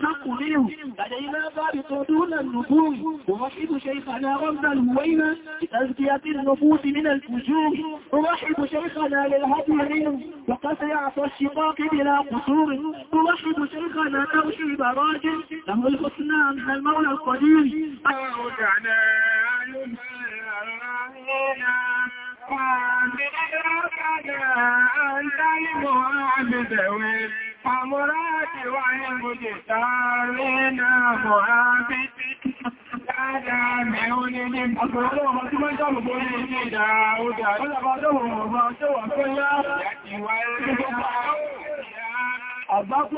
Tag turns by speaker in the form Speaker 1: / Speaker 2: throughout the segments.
Speaker 1: تقوليه لدينا ضابط دون النفوس أرحب شيخنا رمز الهوينا لتزكية النفوس من الفجور أرحب شيخنا للهدي منه وقد يعصى الشقاق بلا قصور أرحب شيخنا أرشي براجل له الحسنى من المولى القدير أرجعنا أنت المعبد Àmúrádì wà ní gbogbo tààrí náà mọ̀ ábí tí dáadáa mẹ́rin ní ní ọ̀pọ̀lọpọ̀ ọmọ tí wọ́n jọ́ gbogbo ní ilé ìdáadáa. Ó Ẹ̀sẹ̀wọ̀n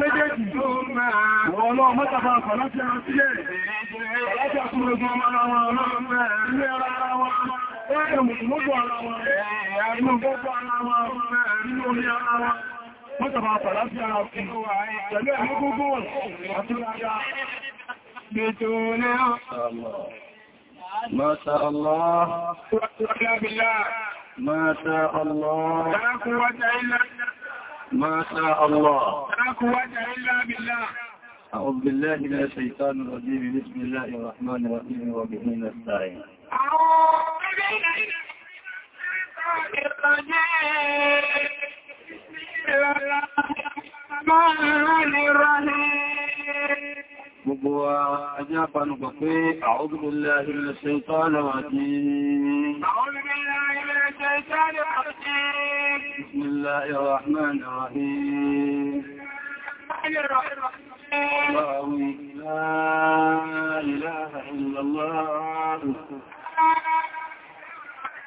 Speaker 1: méjèèjì tó máa wọ́n lọ mọ́tàbà àpàlá ti ẹran sílẹ̀. Ẹ̀lẹ́jà tó rẹ̀ gbọ́n ara wọn ọlọ́run mẹ́rin. Ilé ara wọn, ó rẹ̀ mùsùlùmọ́ ara wọn, ẹ̀yà mú gbogbo ara wọn, ẹ̀rí omi ara wọn mọ́tàbà pàlásí ara fi pẹ̀lú ẹ̀mú gúgú àti ara gbètò náà Mọ́ta Allah. Mọ́ta Allah. Mọ́ta Allah. أعوذ بالله من الشيطان الرجيم بسم الله الرحمن الرحيم وبه نستعين أعوذ بالله من الشيطان الرجيم Gbogbo ajá panùgbọ̀ pé a'udhu billahi minash shaitanir rajim. A'udhu billahi minash shaitanir rajim. Bismillahir rahmanir rahim. Allahu la ilaha illallah.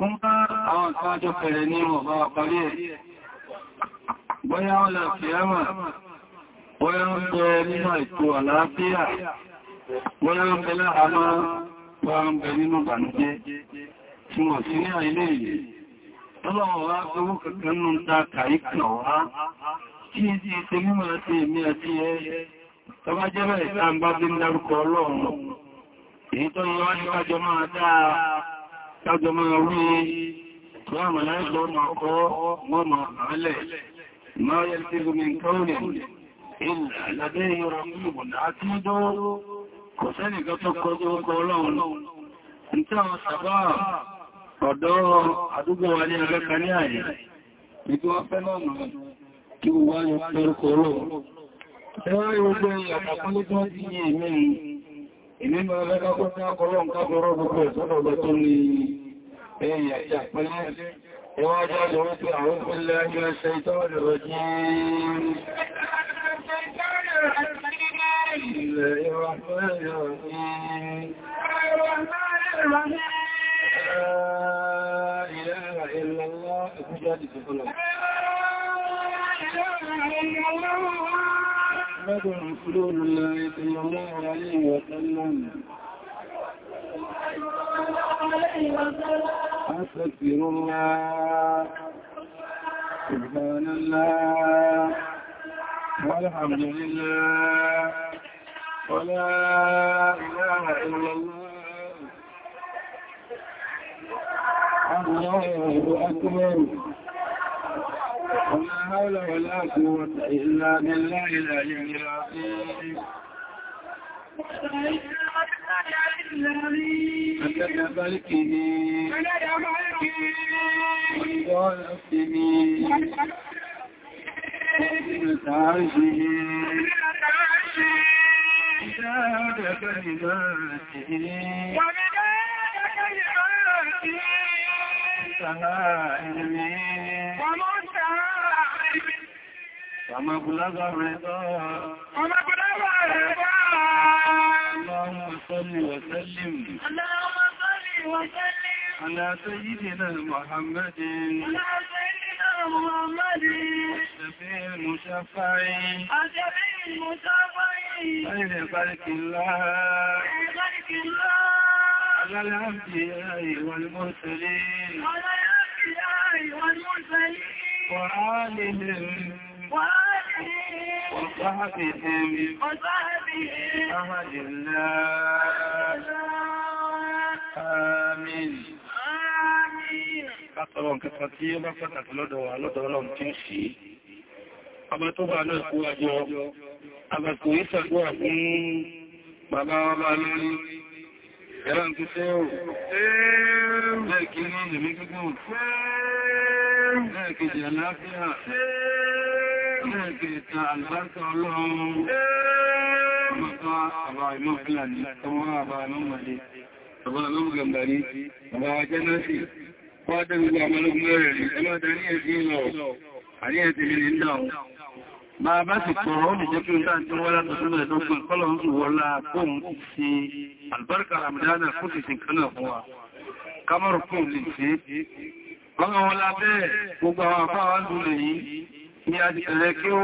Speaker 1: Fún àwọn àkájọ pẹ̀rẹ̀ ní ọba parí ẹ̀. Bọ́yá wọ́n lọ fìyàmà, bọ́yá ń bẹ nínú ètò àlàáfíà, bọ́yá ń bẹ láàmá, bọ́yá ń bẹ nínú bànújẹ́, tí wọ́n sí ní àìlé ìlú. Tọ́lọ̀wọ̀ wá gbogbo kankan nù ta jẹ́ bẹ̀rẹ̀ tá ń bá bí ń dárúkọ Ọlọ́run. Èyí tó yẹ wá ní kájọ máa dáa tàbí máa rí ìgbà àmàláìṣọ́ ma ọkọ̀ wọn ma àálẹ̀ máa yẹ tí gómi kọ́ọ̀lẹ̀ ìlàlẹ́ ìrọ̀lẹ́gbọ̀n láti dọ́rọ̀ kọ̀ṣẹ́ nìkan tó kọjú ọkọ̀ ọlọ́run náà ń tàà sàbáà ọ̀dọ́ àdúgbò wà ní alẹ́kaníà yìí ìgbà fẹ́ ìmínú ẹlẹ́kọ́kọ́ ní akọlọ́ nǹkan fọ́rọ̀ gbogbo ìsọ́nà ọ̀lọ́ tó ní ẹ̀yà ìjàpẹ́lẹ́ ìwájá jọ wípé àwọn ìpínlẹ̀ ayé ẹsẹ̀ ìtọ́rọ̀ rẹ̀ jí ilẹ̀ ìrọ̀fẹ́ ìrọ̀fẹ́ محمد رسول الله صلى الله عليه وسلم أستغفر الله سبحان الله والحمد لله ولا إله إلا الله
Speaker 2: الله أكبر ولا
Speaker 1: حول ولا قوة إلا بالله العلي العظيم أكد ملكه وقال نفسه وقال عرشه زاد كلماته ومداد كلماته السماء وما بلغ الرضا وما بلغ الرضا اللهم صل وسلم اللهم صل وسلم على سيدنا محمد على سيدنا محمد الشفيع المشفع الشفيع المشفع خير خلق الله خير خلق الله على الأنبياء والمرسلين
Speaker 2: على الأنبياء والمرسلين
Speaker 1: وآلهم وآلهم وصحبهم وصحبهم أهل الله آمين Látọ̀rọ̀ nǹkan tí ó bá pàtàkì lọ́dọ̀ wa lọ́dọ̀ ọlọ́run tí ó sí. Ọba tó bá náà kó àjọ, àbàkò ìsàgbọ́ àkún bàbá ọba lórí ẹran tó tẹ́ ò bẹ́ẹ̀ ní ìlúmí gígùn bẹ́ẹ̀ kejì àlàáfíà bẹ́ẹ̀ kẹta àlàáfíà ọlọ́run mọ́ta àbá ìmọ̀ fìlàní ọmọ àbá ìmọ̀ mọ̀lẹ́ àbá ìmọ̀ gàmbàrí àbá ajẹ́ máa bá sì kọ̀ ó lè jẹ́ kí ìta tí wọ́n látọ̀ sínú ẹ̀dọ́gbọ̀n kọ́lọ̀ ń sùn wọ́lá kóhun sí albarka ramadana kó sì sí kanáà fún wa kamaru kóhun lè sí wọ́n wọ́n lábẹ́ gbogbo àwọn afáwà ń dúlẹ̀ yìí ní adìkẹ̀rẹ́ kí ó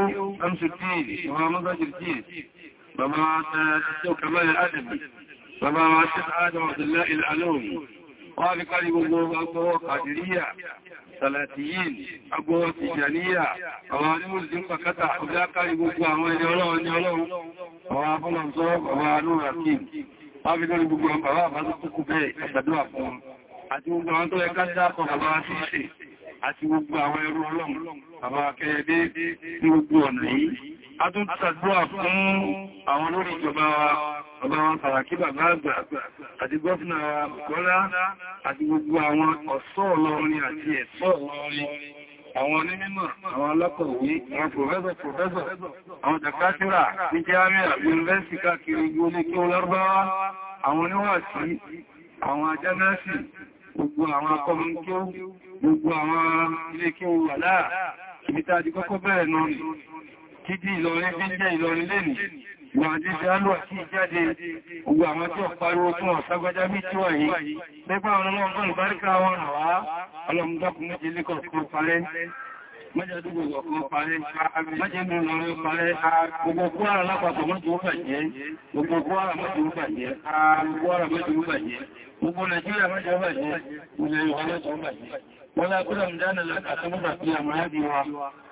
Speaker 1: Sàlàtíyìn, agbọ́wọ́ ti jàníyà, àwọn onímọ̀lùdí ń pàkátà, ọjọ́ kárí gbogbo àwọn ẹni ọlọ́run ní ọlọ́run, ọwọ́ afọ́lọ́sọ́, ọwọ́ anúrà Hakim, wọ́n fi lórí gbogbo àwọn bàbá àbájú tó kú bẹ́ẹ̀ àgbàdúwà fún wọn, àti gbogbo àwọn tó ẹ̀ká dákọ̀ bàbá sí ṣe, àti gbogbo àwọn ẹrú ọlọ́run, bàbá kẹrẹ dé ní gbogbo a tún ṣàdúrà fún àwọn olórí ìjọba wa ọba wọn Sàràkí bàbá àgbà àti gọ́fìnà Bùkọ́lá àti gbogbo àwọn ọ̀ṣọ́ Ọlọ́rin àti ẹ̀ṣọ́ Ọlọ́rin àwọn onímọ̀ àwọn alákọ̀wé àwọn pòfẹ́sọ̀ pòfẹ́sọ̀ àwọn dàkátírà ní jẹ́rìà yunifásitì káàkiri gbóní kí ó lárúbáwá àwọn oníwàásí àwọn ajánásì gbogbo àwọn akọmin kí ó gbogbo àwọn ilé kí ó wà láà ìbítà àti kọ́kọ́ bẹ̀rẹ̀ náà títí Ìlọrin bí jẹ́ Ìlọrin lẹ́nì ìwọ̀nàdé ti alúwà sí ìjáde ogun àwọn tí ó pariwo fún ọ̀ságbájá bí tí wà yìí lẹ́gbà àwọn ọmọ ọgbọ̀n ìbáríkà wọn àwá ọlọ́mùdákùn méje lẹ́kọ̀ọ́ kó parẹ́ mẹ́jẹ̀dúgbò ọ̀kan parẹ́ mẹ́jẹ̀dú lọ́rẹ́ parẹ́ gbogbo Kwara lápapọ̀ mọ́jú ó bàjẹ́ gbogbo Kwara mọ́jú ó bàjẹ́ gbogbo Kwara mọ́jú ó bàjẹ́ gbogbo wọ́n lápẹ́lẹ̀ mìdánà lákàtà mọ́bà fi àmàyà bí wa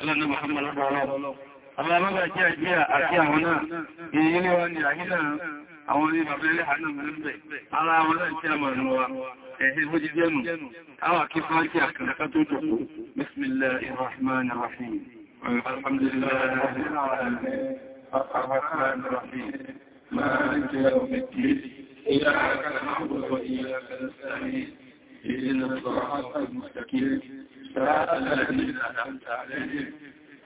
Speaker 1: ọlọ́nà Muhammad ọlọ́rọ̀. Àwọn abábà jẹ́ àjíyà àti àwọn náà, ìyílé wa ni àhílà àwọn orí bàbá ilé àánà mẹ́rẹ́bẹ̀, ara wọn náà jẹ́ àmà ìrìn wa, ẹ̀hẹ́ bó jí jẹ́nu, àwọn akífà jẹ́ àkànlẹ́ká tó jọ̀kú, Bismillahir Rahmanir Rahim. Alhamdulillahi Rabbil Alamin, Ar-Rahmanir Rahim, Maliki Yawmid Din, Iyyaka na'budu wa iyyaka nasta'in,
Speaker 2: Ihdinas siratal mustaqim صراط الذين أنعمت عليهم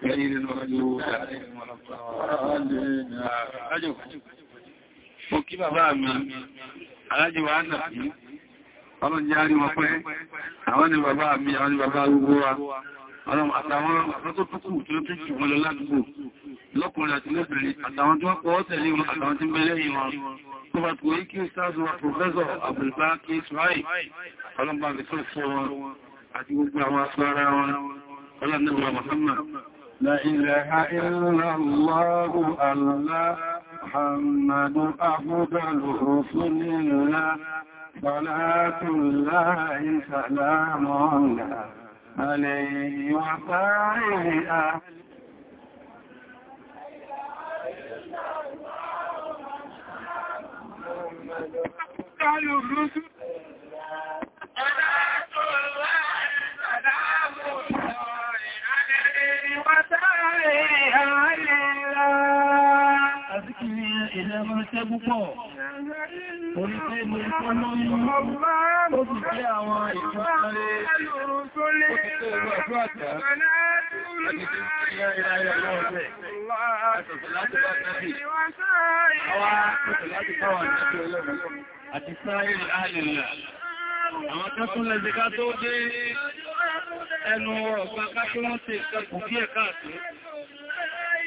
Speaker 1: غير المغضوب عليهم
Speaker 2: ولا الضالين أجو
Speaker 1: Mo kí bàbá mi,
Speaker 2: alájì wa náà fi,
Speaker 1: ọlọ́n jẹ́ àríwọ̀ pẹ́, àwọn ni bàbá mi, àwọn ni bàbá gbogbo wa, ọlọ́n àtàwọn àwọn tó túnkù tó tún jù wọn lọ ládùúgbò, lọ́kùnrin àti lóbìnrin, àtàwọn tó pọ̀ tẹ̀lé wọn, àtàwọn tí ń bẹ wọn, tó bá tó yí kí ó sáàzù wa Prọfẹ́sọ̀ Abdulbaki Ismail, ọlọ́n bá لا إله إلا الله الله محمد أفضل رسول الله صلاة الله سلام عليه وصائره أهل الله
Speaker 2: محمد أفضل رسول
Speaker 1: Àzíkìrí ilẹ̀ àwọn ìfúnṣẹ́lẹ̀
Speaker 2: òṣìṣẹ́ tó dé ẹnu ọ̀pá ká kí wọ́n ti ìkàkùn bí ẹ̀ká àti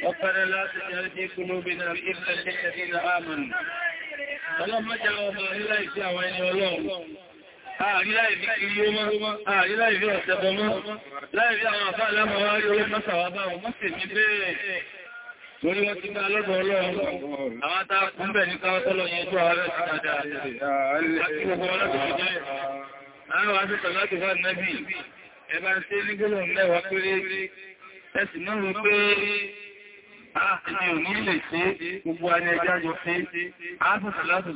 Speaker 2: ربنا لا
Speaker 1: تجعل في قلوبنا غلا للذين آمنوا
Speaker 2: اللهم اجعل الله يسع وين والله Ààrí láì fi ọ̀sẹ̀bọ̀ mọ́, láì fi àwọn àfáà lámọ̀ wá rí orí mọ́sàwà
Speaker 1: bá wọn mọ́sẹ̀ ní bẹ́ẹ̀ torí wọ́n ti bá lọ́dọ̀ ọlọ́run. Àwọn atákùn bẹ̀ ní káwọ́ tọ́lọ yẹn tó ààrẹ ti dáadáa. Àti gbogbo ọlọ́dọ̀ ti jẹ́ àwọn aṣẹ́kọ̀ láti fà náà bí, àti òní lè ṣe gbogbo ẹni ẹjá jọ fi áti sàlátù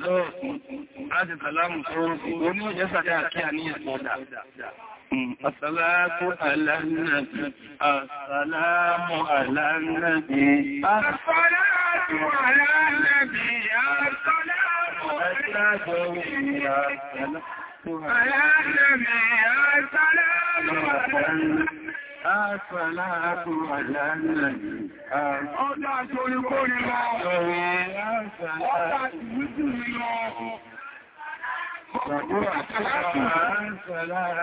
Speaker 1: Àṣàlátù àlànàbí. Ọdá àṣorí kó rí lọ. Ọdá ìwújú rí lọ.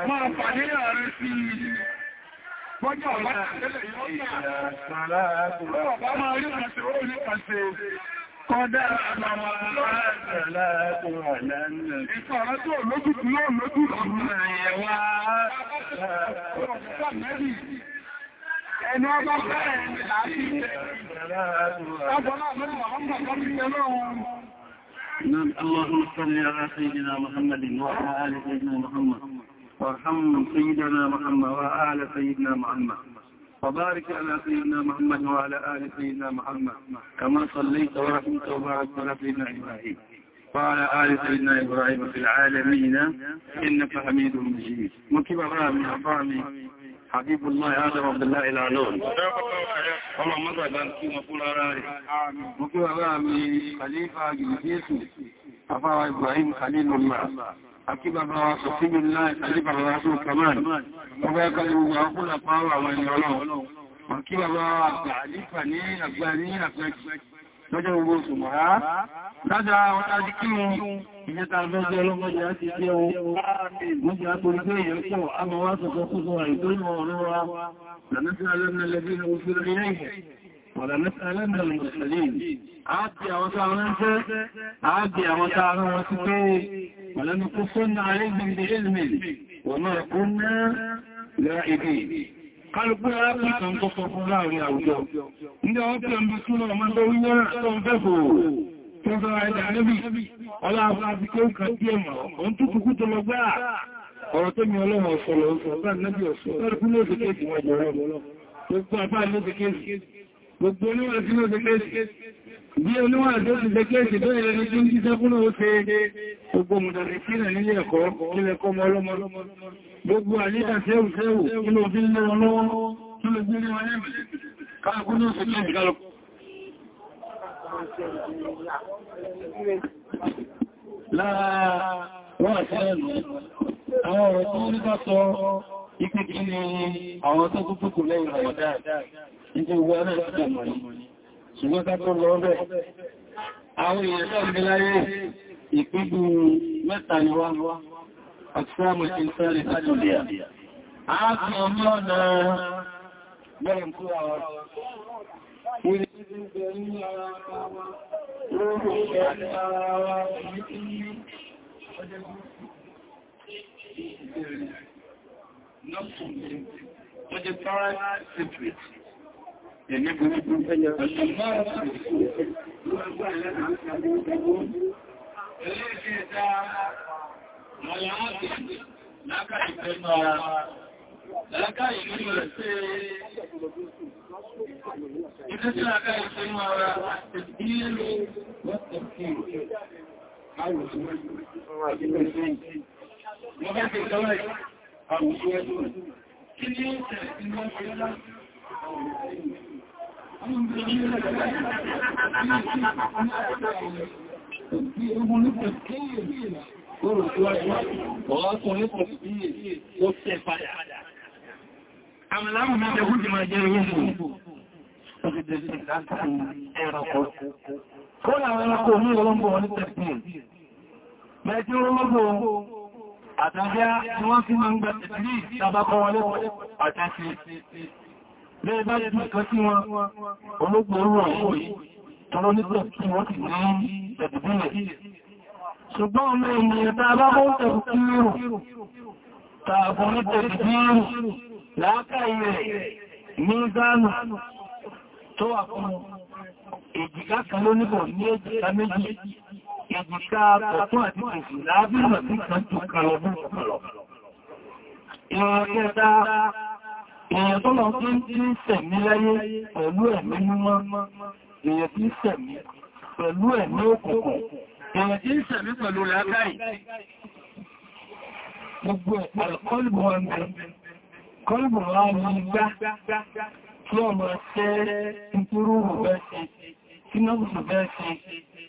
Speaker 1: Máa pàdé ààrẹ sí Bọ́jọ́ ọ̀lá àtẹ́lẹ̀ yóò yà. Bọ́jọ́ ọ̀bá máa rí àṣẹ́ orí àṣẹ́. اللهم صل على سيدنا محمد وعلى آل سيدنا محمد وارحم سيدنا محمد وعلى آل سيدنا محمد وبارك على سيدنا محمد وعلى آل سيدنا محمد كما صليت ورحمت وباركت على سيدنا إبراهيم وعلى آل سيدنا إبراهيم في العالمين إنك حميد مجيد مكي برامي أفامي حبيب الله آدم عبد الله العنون اللهم مضى بانكي وقول أراري مكي برامي خليفة جلسيسي أفا إبراهيم خليل الله àti bàbá wa sọ̀fíì láì àti bàbá wa sọ kàmáàlì ọgbà ẹkàlẹ̀ gbogbo àkúlà pàwà àwọn ẹni ọlọ́run àti bàbá wa àgbà àlífà ní àgbà ní àgbà lọ́jọ́ gbogbo oṣù mọ̀rá lájá wọn láti kí wọn ìjẹta lọ́jọ́ ọlọ́mọdé láti jẹ́ wọn mọ́jẹ́ àpòrí pé ولنسألن المرسلين عادي أوسع منسى عادي أوسع وسكي ولنقصن عليهم بعلم وما كنا
Speaker 2: لائبين
Speaker 1: قالوا بنا أبنى كان تصرف الله يا وجو إن أبنى بسم الله من دوينا تنففوا تنفع إلى النبي ولا أبنى بكيو كتيما وانتو تكوتوا لبعا ọ̀rọ̀ tó mi ọlọ́wọ̀ ọ̀sọ̀lọ̀ ọ̀sọ̀lọ̀ gbogbo oníwà tí ó tẹ́kẹ́sì bí oníwà tí ó ti tẹ́kẹ́sì tó ẹ̀rẹ́ ní jíjí sẹ́kúnnà ó tẹ́ gbogbo mùdàrí sílẹ̀ nílé ẹ̀kọ́ ilẹ̀kọ́ ọmọ ọlọ́mọ gbogbo àníyà sẹ́wù sẹ́wù kí ló fi lé wọn lọ́wọ́ kí ló gbé ní wọn lẹ́mẹ̀ káàkún ní òṣèlú ìgbàlọ láàá wọ́n àṣẹ́ ẹ̀lú àwọn ọ̀rọ̀ tó ń bá sọ ipe kí ni àwọn tó kúkú kò lẹ́yìn ọ̀dá
Speaker 2: ìdí wọ́n náà ti dà mọ̀ní
Speaker 1: ṣùgbọ́n ká tó lọ bẹ́ àwọn èèyàn tó ń bí láyé ìpígbù mẹ́ta ni wá Thank you. Wọ́n jẹ́ Faraday Secret. Ẹ̀mí burúkú ẹ̀yẹ ọ̀ṣọ́ máa ń
Speaker 2: Ilé tí a ká
Speaker 1: ìṣẹ́ mọ́ ara àti bí ẹlú wọ́n tẹ̀kì rẹ̀. Àwọn ìṣẹ́ ìṣẹ́ ìṣẹ́
Speaker 2: ìṣẹ́ ìṣẹ́ àwùjọ ẹlòmí kí ni ó tẹ̀lẹ̀ sí wọ́n ṣe láti Ọmọ
Speaker 1: nípa kéèyè
Speaker 2: lọ́rọ̀ tó wáyé wọ́n á kún nípa
Speaker 1: kéèyè ó tẹ́ padà. Àmìláàmù mẹ́ta kú ti máa jẹ́ ìwọ̀n Kọ́lá àwọn ẹranko ní ọlọ́gbọ̀n ní tẹ̀sí. Mẹ́jọ́ ọlọ́gbọ̀n àtàjá tí wọ́n fi máa ń gba tẹ̀lé tàbákọ wọlé àtàṣe lẹ́ẹ̀ bá lè nìkan sí wọn olóògbò orú ọ̀yọ́ yìí tọrọ nígbà tí wọ́n ti ní ẹ̀dùbílẹ̀ ṣùgbọ́n ọmọ ènìyàn tàbákọ tẹ̀lú kírù tààbùrí ní gánà tó ìjìká ọ̀tún àti òfin láàbí ìmọ̀ kan jù kan lọ mú ọ̀pọ̀lọ̀. Ìrọ̀kẹta èèyàn tó lọ tó ń tí ń sẹ̀mí láyé pẹ̀lú ẹ̀mí mímọ́, èèyàn tí ń sẹ̀mí pẹ̀lú ẹ̀mí òkùnkùn, èèyàn tí ń sẹ̀mí pẹ̀lú làákàì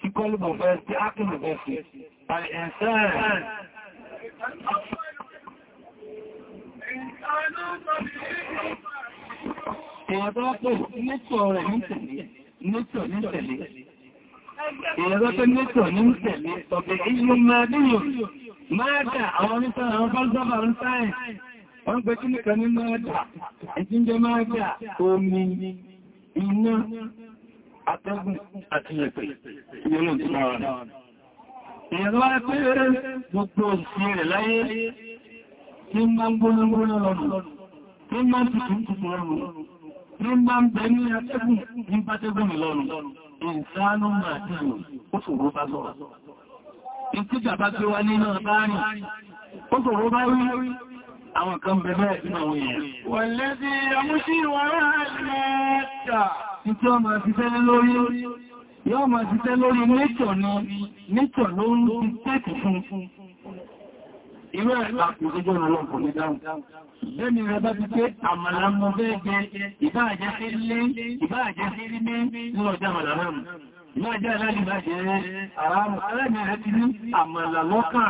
Speaker 1: tí kọlùbọ̀ fẹ́ tí ákìlù fẹ́ sí àìyẹ̀sẹ́rẹ̀ Èèyàn tó pè nítọ̀ rẹ̀ ní tẹ̀lé, nítọ̀ ní tẹ̀lé. Èèyàn tó pè nítọ̀ ní tẹ̀lé, ọ̀pẹ̀ ìlú máa dínú, máa dà àwọn oníta àwọn fọ́lọ́sọ́fà ń sáyẹ̀. Wọ́n pẹ̀ kí nìkan ní máa dà, ẹ̀jíjẹ máa dà omi, iná, atẹ́gùn
Speaker 2: àti ẹ̀pẹ̀ ìwọ̀n tí máa rẹ̀.
Speaker 1: Ìyẹ̀lọ́ ẹgbẹ́ gbogbo òṣìṣẹ́ rẹ̀ láyé tí máa ń gbónágbóná lọ́nà, tí máa ń tuntun tuntun lọ́nà, tí máa ń bẹ ní atẹ́gùn ní pátẹ́gùn lọ́nà, ìsánú àti ìwọ̀n ó ṣòro àwọn kan bẹ̀rẹ̀ ìgbà àwọn èèyàn. Wọ̀lẹ́bí ọmúṣí wọ́n rẹ̀ tí ó máa ṣiṣẹ́ lórí yóò máa ṣiṣẹ́ lórí nítọ̀ ní nítọ̀ ló ń ti tẹ́kì fún irú ẹ̀lá ìgbẹ́jọ́ ọlọ́pọ̀ ní dáhùn lẹ́ni rẹ̀ bá ti pé àmàlà mọ́ bẹ́ẹ̀ jẹ ìbáàjẹ́ sí ilé ìbáàjẹ́ sí rí ní ọjà àmàlà náà ìbáàjẹ́ aláàlì bá jẹ́ àrámù alẹ́mẹ̀rẹ́ ti ní àmàlà lọ́kàn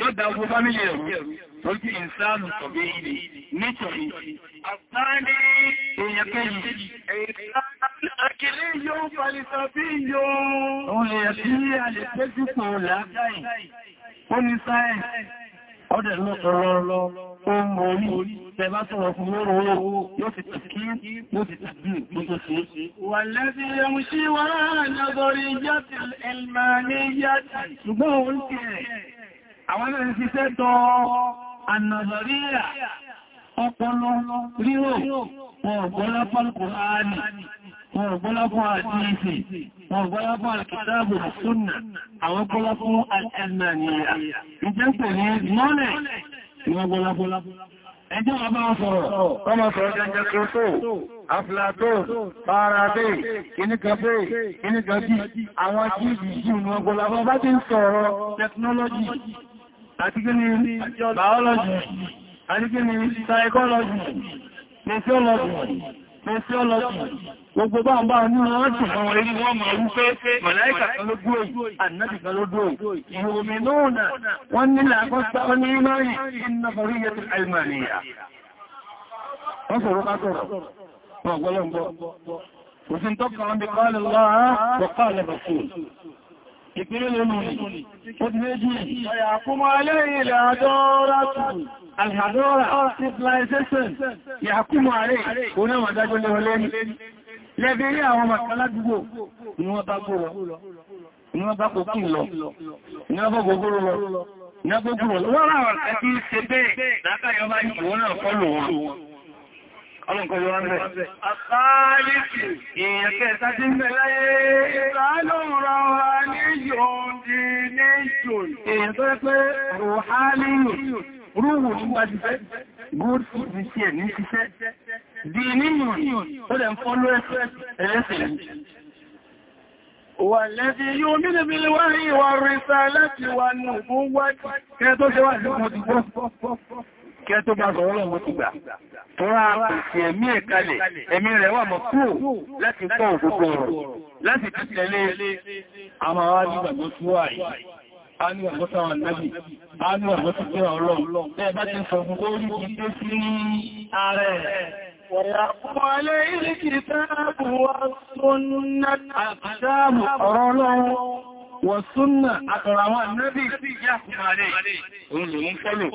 Speaker 1: yóò dá ogun fámílì ẹ̀rù lójú ìsáàlù tọ̀bí ilé nítorí àtàrí èèyàn kẹ́yìn àkìrí yóò falisa bí yóò òun lè sí alẹ́ tẹ́sípò làágáì ó ní sáyẹ̀ ọdẹ̀ lọ́tọ̀lọ́lọ́ ohun orí tẹbá sọ̀rọ̀ fún lóòrò owó yóò ti tàbí yóò ti tàbí gbogbo sí wà lẹ́sí ẹmù sí wọ́n rán àjọ́gọ́rí yàtì ẹlmà ní yàtì ṣùgbọ́n orí àwọn náà ń ṣiṣẹ́ tọ́ ànàzọ̀ríyà ọpọlọ ríro wọn ọ̀gbọ́lá fọ́lùkùn áàni wọn ọ̀gbọ́lá fún àdíyèsí ọ̀gbọ́lá fún alkitabu sunna àwọn ọ̀gbọ́lá fún al'ẹ̀nàníyà ìjẹ́pẹ̀ ní mọ́lẹ̀ ìwọ̀n ọ̀gbọ́lá fún ẹjọ́ ọba sọ̀rọ̀ ọmọ sọ̀rọ̀ jẹjẹ kòtò aflaton parade kìníkàfẹ́ kìníkàfí àwọn jíìjì sí ìwọ̀n ọgbọ̀lá bá ti ń sọ̀rọ̀ technology àti kí ni biology àti kí ni psychology physiology physiology gbogbo bá ń bá ní wọ́n tí wọ́n mọ̀ wípé màláìkà kan ló dúró yìí ànábì kan ló dúró yìí ìpínlẹ̀ lónú ni ó ti méjì ọ̀yà kúmọ̀ aléyìn civilization ìyà kúmọ̀ àrẹ òun náà dájọ́ lẹ́wọlẹ́ni lẹ́bẹ̀ẹ́rí àwọn màkàládùgbò ni wọ́n bá kó lọ ni wọ́n bá kó kí lọ ni wọ́n bá gbogbo lọ wọ́n ráwọ̀ àti ṣe bẹ́ẹ̀ látàyọ́ bá yìí náà kọlù wọn ọlọ́nkọ̀ yóò rán bẹ̀. Àkáàlìkì èèyàn kẹta tí ń bẹ láyé ìrànlọ́rọ̀ ọ̀há ní yóò di ní ìjò. Èèyàn tó pẹ́ rùhánìyàn, rúhù ní gbájúfẹ́, good food sí ẹ̀ ní ṣiṣẹ́. Di níyàn, ó dẹ̀ ń fọ́lọ́ ẹ̀ẹ́sẹ̀ Wàlẹ́bí yóò mílẹ̀ mílẹ̀ wáyé wà rí sáà láti kí ẹ tó bá sọ ọlọ́run ó ti gbà tó rá pèsè ẹ̀mí ẹ̀ kalẹ̀ ẹ̀mí rẹ̀ wà mọ̀ kúrò láti kọ́ òkúkọ ọ̀rọ̀ láti títẹ̀lé àwọn arábìgbàgbọ́ tó wà yìí Àníwà mọ́ta wà náàbì, àníwà mọ́ta tó wà ọlọ́run, bẹ́ẹ̀ bá ti ń sọ gbogbo orí sí ààrẹ. ويقوم عليه الكتاب والسنة الكتاب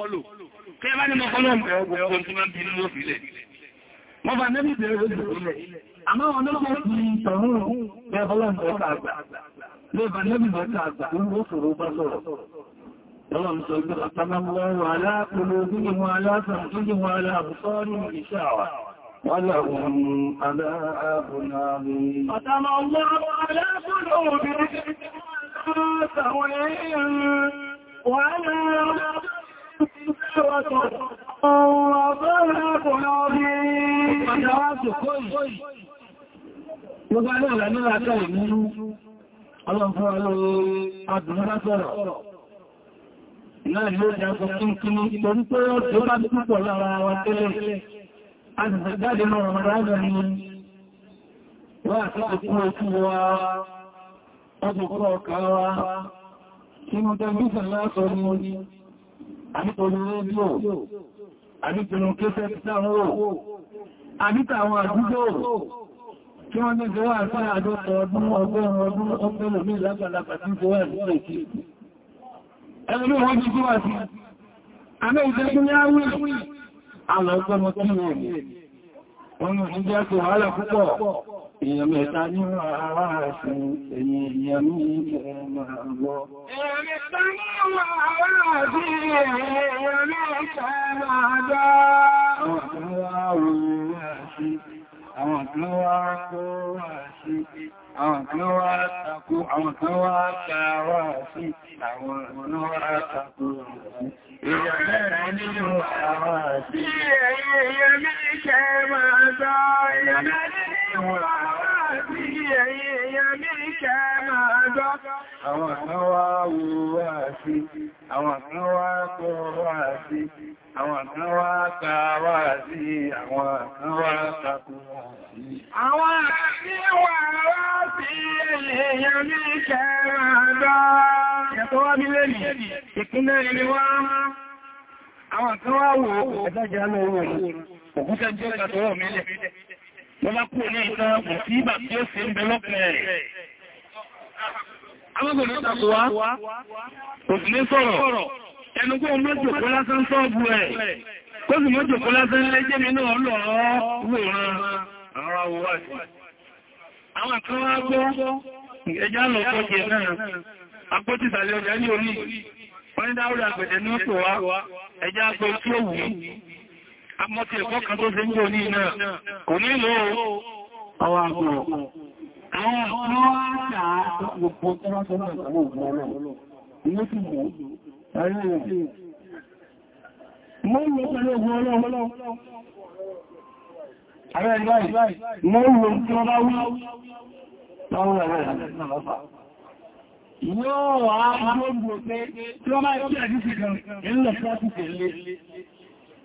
Speaker 1: Tí ẹ bá ní mọ́kọ́ lọ́mọ̀ ẹ̀wọ̀n ọgbọ̀n tí máa ń bí nínú òfìlẹ̀. Wọ́n bá nẹ́bí bẹ̀rẹ̀ òjò Àmọ́ wọn lọ́wọ́ ti tọ̀rún ẹ̀bọ́lọ́mù ọ̀tà àgbà. Lọ́bà nẹ́bí bẹ̀rẹ̀ àgbà ń rọ́ fòrò bá sọ̀rọ̀. Ọlọ́run sọ ìgbẹ́ àtàmàwọ̀ aláàpùlò ogun wọn aláàpùlò ogun wọn aláàpùsọ́rí ìṣàwà. Wọ́n lọ́run aláàpùnà rí. Àtàmàwọ̀ aláàpùlò ogun wọn aláàpùlò Gbogbo alẹ́ ìlànà àkàrẹ̀ nínú ọlọ́pọ̀ alóòrùn àdùnmọ́lá sọ̀rọ̀. Náà ló jàkọ̀ kínkíní torí pé ó tó bá bí púpọ̀ lára wa tẹ́lẹ̀. A ti jáde lọ ọ̀rọ̀ rágbà ní wà àti ọkùn ojú wa, ọdún kọ́ ọkà wa, kí mo tẹ́ àbítorí rédíò àbítorí kéfẹ́ sáwọ́ àbíta àwọn àdúgbò kí wọ́n ní gẹ́wà sí àjọ́ta ọdún ọgọ́rùn ọdún ọgbẹ̀rún ní lápàlápà tí gẹ́wà sí ẹ̀kí ẹgbẹ̀rún wọ́n jí gẹ́wà sí àmẹ́ ìjẹ́gún ní àwẹ́ àwọn ọgbọ́n èèyàn mẹ́ta ní wàhálà ẹ̀sìn ẹ̀yìn èèyàn ní ilẹ̀ máa lọ. èèyàn mẹ́ta ní wàhálà ẹ̀sìn èèyàn mẹ́ta máa lọ. àwọn kan wá wòrò àṣí àwọn kan wá kó àṣí àwọn kan wá takò àwọn kan wá kàwà sí àwọn kan wá takò èèyàn mẹ́ta ní wàhálà ẹ̀sìn èèyàn mẹ́ta máa lọ. èèyàn mẹ́ta Àwọn kan wá wo wá sí, àwọn kan wá kọ́ wá sí, àwọn kan wá ka wá sí, àwọn kan wá takò wá sí. Àwọn àti wà wá sí èèyàn ní kẹrànlọ́. Ìyàtọ̀ wá bí lẹ́nì, ìpínlẹ̀ ilé wá. Àwọn kan wá wo ẹ̀dájá lọ́wọ́ òkúta jẹ́ ìgbàtọ̀wọ́ mílẹ̀ wọ́n bá kú ní ìta mọ̀ sí ìbà tí ó sì ń bẹ lọ́pẹ̀ rẹ̀. Amọ́gbọ̀n ní ìtàkù wá,
Speaker 2: kò sì ní sọ̀rọ̀,
Speaker 1: ẹnu kó mọ́ jòkó lásán sọ́ọ̀bù ẹ̀, kó sì mọ́ jòkó lásán lẹ́jẹ́ mi náà lọ́rọ̀ wòran ara wọ́wà sí. Àwọn kan wá gbọ́,
Speaker 2: ẹjá lọ kọ́kẹ́ náà,
Speaker 1: agbótìsàlẹ̀ ọjà ní orí, Amọ́tí ẹ̀kọ́ kan tó ṣe ń jò ní iná, kò ní lò ọwọ́ àgbọ̀. Àwọn ọ̀pọ̀ Yóò wá máa ń gbò tí wọ́n máa ń kí àdíṣì kan, ìlú lọ sí àtúnṣe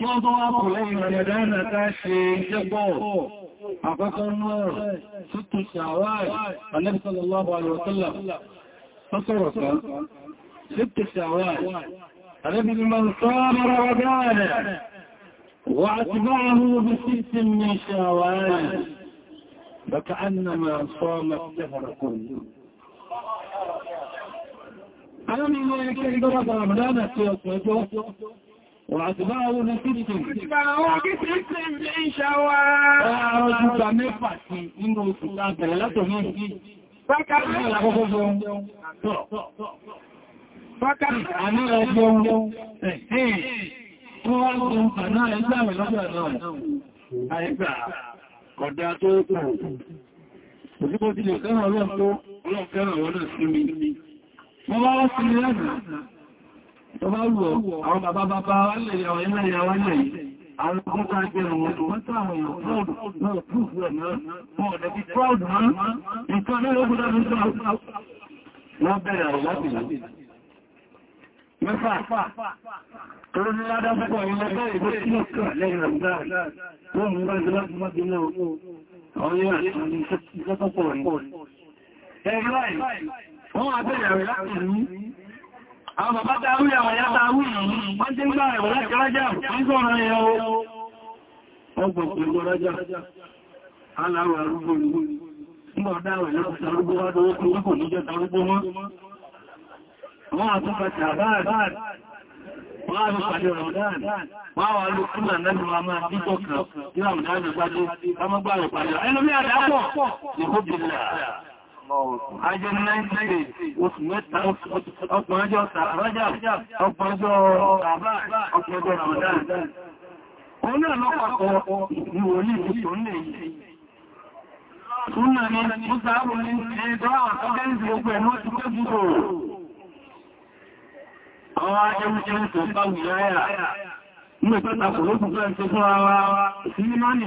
Speaker 1: kí wọ́n tó wá kù lẹ́yìn Ramadana ká ṣe jẹ́gbọ́ àkọ́kọ́ náà tútù ṣàwáì Ànábì sallallahu alaihi wasallam sọ́sọ̀rọ̀ kan tútù ṣàwáì Ànábì man sama Ramadana wa atba'ahu bi sittin min Shawwal فكأنما صام الدهر كله أنا من ذلك إذا رضى رمضان أتيت وجوه وعتباعه لست وعتباعه لست من شوال وعرض سامفة إنه سلطة لا تنسي Fákàtí àmì ẹgbẹ́ ohun ẹ̀hìn tó wá ń tún àná ẹgbẹ́ lọ́jọ́ náà. Àìgbà kọ̀dá tó kù. Òsìkò ti lè kẹ́ràn ọlọ́pọ̀ ọlọ́pẹ̀ràn ọlọ́sí mi. Wọ́n wá wá sí lẹ́nà tó bá wù ọ́ àwọn bàbá bàbá wálẹ̀ àwọn ilẹ̀ ìyà wálẹ̀ yìí àwọn ọkọ̀ tó agbẹ̀rẹ̀ wọn tó wọ́n tó àwọn èèyàn proud náà proof rẹ̀ náà
Speaker 2: wọ́n ọ̀dẹ̀ bí proud náà nǹkan náà ló gbọ́dá ní wọ́n bẹ̀rẹ̀
Speaker 1: àwọn láti mẹ́fà
Speaker 2: tó ní ládá púpọ̀ ilẹ̀ ìgbẹ́ ìgbẹ́ lẹ́yìn rẹ̀
Speaker 1: wọ́n mú bá jẹ́ láti mọ́ bí náà àwọn yóò àti ìjọ́ tó pọ̀ rẹ̀ Àwọn bàbá tààrù àwọn ya tààrù wọ́n tí ń gbà ẹ̀wọ̀ láti rájá wọ́n ajọ́ 9 oṣù ọjọ́ sàrájà ọgbọ̀n ọjọ́ kàbá ọgbọ̀n ọjọ́ ní wòlí ìtò ní èyí súnà ni mọ́sàábù ní ẹgbẹ́ ní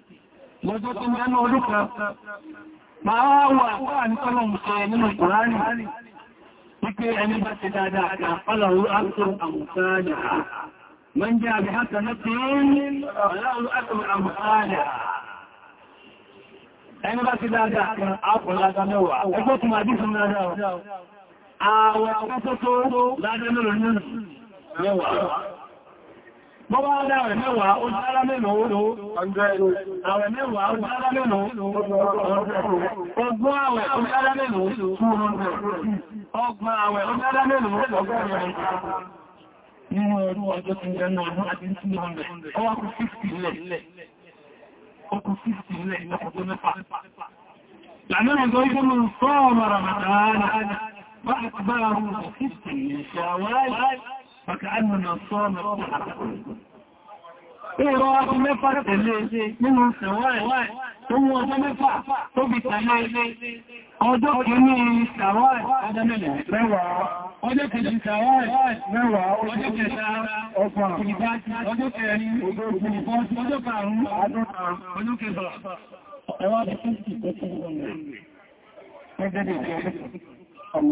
Speaker 1: lọ́jọ́ tó mẹ́nu ọdún kan máa wà wà ní tọ́lọ̀mù sọ nínú Kùránì wípé ẹni bá ti dáadáa kan ọlọ́run ápùn àmùsáàdà mọ́n jẹ́ àbí hàtà láti ọlọ́run ápùn àmùsáàdà ẹni bá ti dáadáa kan ápùn ládá mẹ́wàá ẹgbẹ́ tó Bọ́bá dá àwẹ̀ mẹ́wàá ó dára mẹ́nà ó lò àwẹ̀ mẹ́wàá ó dára mẹ́nà ọgbọ́n àwẹ̀ ó dára mẹ́nà ọgbọ́n àwẹ̀ ó dára mẹ́nà nínú ẹ̀rú ọjọ́ ti ẹnu ọdún àti ní ọmọdé ọwá kú 50 ilẹ̀ ọkù 50 ilẹ̀ ìlọ́kùnkú mẹ́fà lànàrà gọ́ ikú mú sọ́ọ̀mọ̀ràn àtàrà bá àkùbá àrùn 50 ìṣàwárí فكأننا صام Ìrọ̀ ọdún mẹ́fà tẹ̀lé nínú ṣẹ̀wọ́ẹ̀ ohun ọjọ́ mẹ́fà tó bí tẹ̀lé ọjọ́ kìíní ṣàwọ́ẹ̀ ọdọ́mẹ́lẹ̀ mẹ́wàá, ọjọ́ kìíní ṣàwọ́ẹ̀ mẹ́wàá, ọjọ́ kẹta ọgbà Ànábì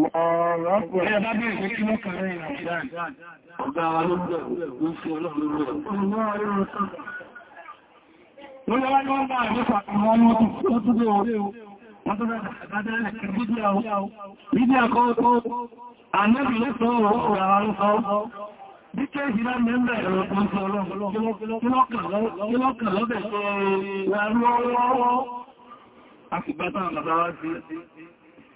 Speaker 1: lẹ́tọ̀ọ́ ọ̀rọ̀ àwọn ọ̀rọ̀ bí kéèkì lá mẹ́mbẹ̀ ẹ̀rọ tó ń sọ ọlọ́run kí lọ́kàn lọ́bẹ̀ tó wà lọ́wọ́ àfìgbátà àbàbáwá sí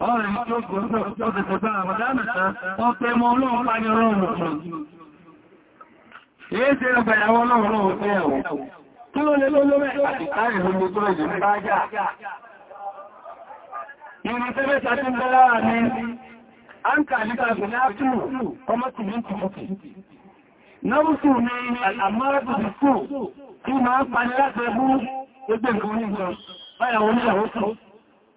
Speaker 1: ọ̀rẹ́ tó gbọ́nà tó ti kò tán àbádánàtà wọ́n pẹ́ mọ́ ọlọ́run pa ní ọlọ́run kan. Èé ṣe ọgbẹ̀yàwó ọlọ́run pẹ́ ẹ̀wọ̀. Kí ló lè lólómẹ́ láti káàrì lórí tó ìjì ń bá jà?
Speaker 2: Ìrìn tẹ́lẹ̀ tàbí ń bẹ́lá ní
Speaker 1: Anka nípa ìgbẹ̀lá tún ọmọ tìlú tìlú. Náwùsù ni àmọ́rẹ́ tó ti kú, kí máa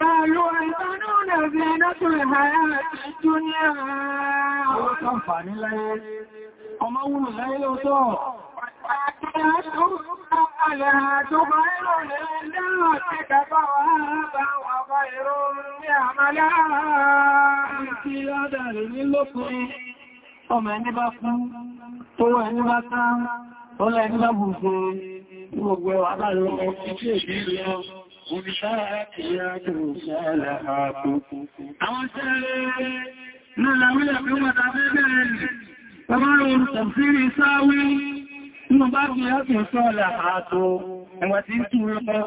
Speaker 1: قالوا أتنون زينة الحياة الدنيا ọmọ wùrù láyé lóòtọ́ àti àtúrùkà alẹ́hàtò báyìí lè náà ti kàbà wà bá wà bá ìrò ní àmàlá ìtí ládàrí ní lópin ọmọ ẹni bá fún tó ẹni bá tán ọlọ́ ẹni bá bùfẹ́ gbogbo ẹwà bá lọ́wọ́ Àwọn ṣẹ́rẹ́ nílà mílẹ̀ pé wọ́n tàbí bẹ̀rẹ̀ rẹ̀, ọmọ rẹ̀ tàbí sáwí nínú bá bí á kìí sọ́ọ̀lá àtò ẹwà tí ń túnrẹ́ mọ́,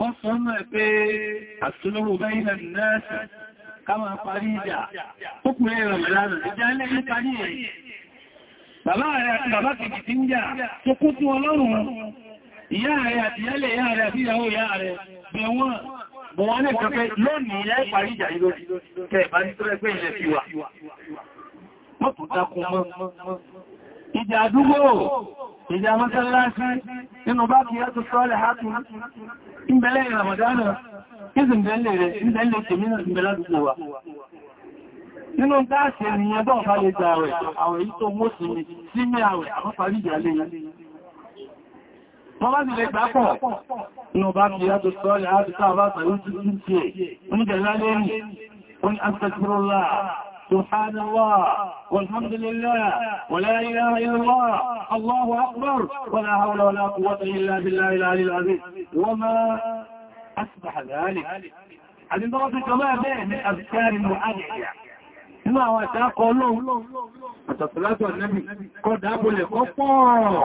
Speaker 1: wọ́n sọ mọ́ pé àtúnlówó bẹ́yìnà náà ká máa parí ìjà, ó kùnrin rẹ̀ lánàá, ìjà ilẹ̀ ń parí ẹ̀. Bàbá rẹ̀ àti bàbá kìí ti ń jà, tó kú tún ọlọ́run ìyá àti ìyálẹ̀ ìyá àti ìyàwó ìyá rẹ̀ wọ́n bọ̀ wọ́n lẹ́kọ̀ọ́ pé lónìí ilẹ̀ parí ìjà lórí ní tó rẹ̀ ilẹ̀ fi wà mọ́tò dákun mọ́ ìjà àdúgbò ìjà mọ́sánláṣí nínú bá kí yàtò sọ́ọ̀lẹ̀ hátù ìbẹ̀lẹ̀ ìràmàdánà ìzìn bẹ̀lẹ̀ rẹ̀ ìbẹ̀lẹ̀ tèmínà ìbẹ̀lẹ̀ wa bá sì lè gbápọ̀ inú bá ti yàtọ̀ sọ́ọ̀lẹ̀ àbíká bá sàyún tí ń سبحان الله والحمد لله ولا إله إلا الله الله أكبر ولا حول ولا قوة إلا بالله العلي العظيم وما أصبح ذلك عدد رب كما به من أذكار وأدعية ما هو تقول له النبي قد أبو لقفه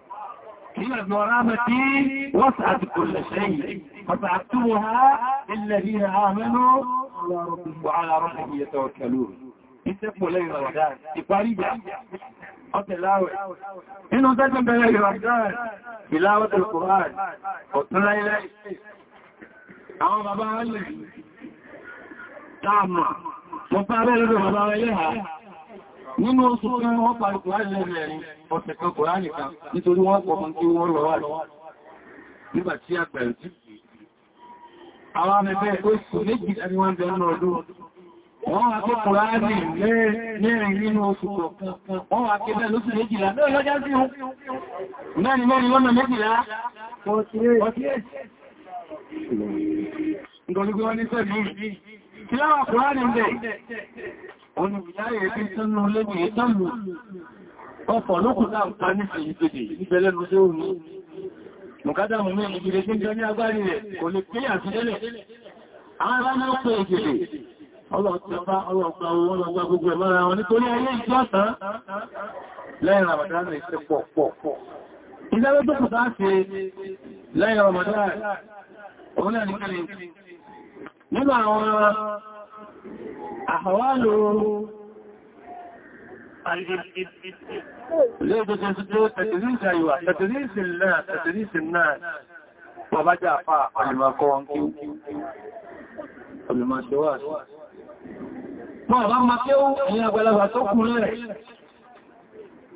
Speaker 1: هي نورامتي وسعت كل شيء فتعبتوها للذين آمنوا وعلى ربهم يتوكلون اتقوا ليلة رجال تباريبا اتلاوة انو تجمع ليلة رجال تلاوة القرآن اتلا إليه او بابا علي تعمى وفابل بابا عليها nínú oṣù tí wọ́n parí kùránì lẹ́rin ọ̀sẹ̀ kan kùránì kan nítorí wọ́n pọ̀ fún kí wọ́n lọ wà lọ́wọ́ nígbà tí a gbẹ̀rẹ̀ tí àwọn amẹ́fẹ́ oṣù méjì ẹni wọ́n bẹ̀rẹ̀ náà lọ́dún wọ́n wá pé kùránì lẹ́rin nínú oṣù kọ̀ọ̀kan wọ́n wá pé bẹ́ẹ̀ olùgbìyàyè tí tánú lẹ́nu ìtàlù ọkọ̀ lókùn láàpá ní ìpèdè ìgbẹ̀lẹ́nu tí ó ní mọ̀kádàmù ní ìgbìyànjú tí ń jọ ní agbárí rẹ̀ kò lè pé àfidẹ́lẹ̀ àwọn ará náà pé ìgbèlè ọlọ́ọ̀tọ́fá ọlọ́ọ̀pá owó ọlọ́gbà àhàwálò Babaja fa alìmọ̀kọ́ wọn kí olùmọ̀ ṣe wà sí. Wọ́n bá máa kí ó ẹ̀yìn àgbàlagbà tó kú lẹ̀.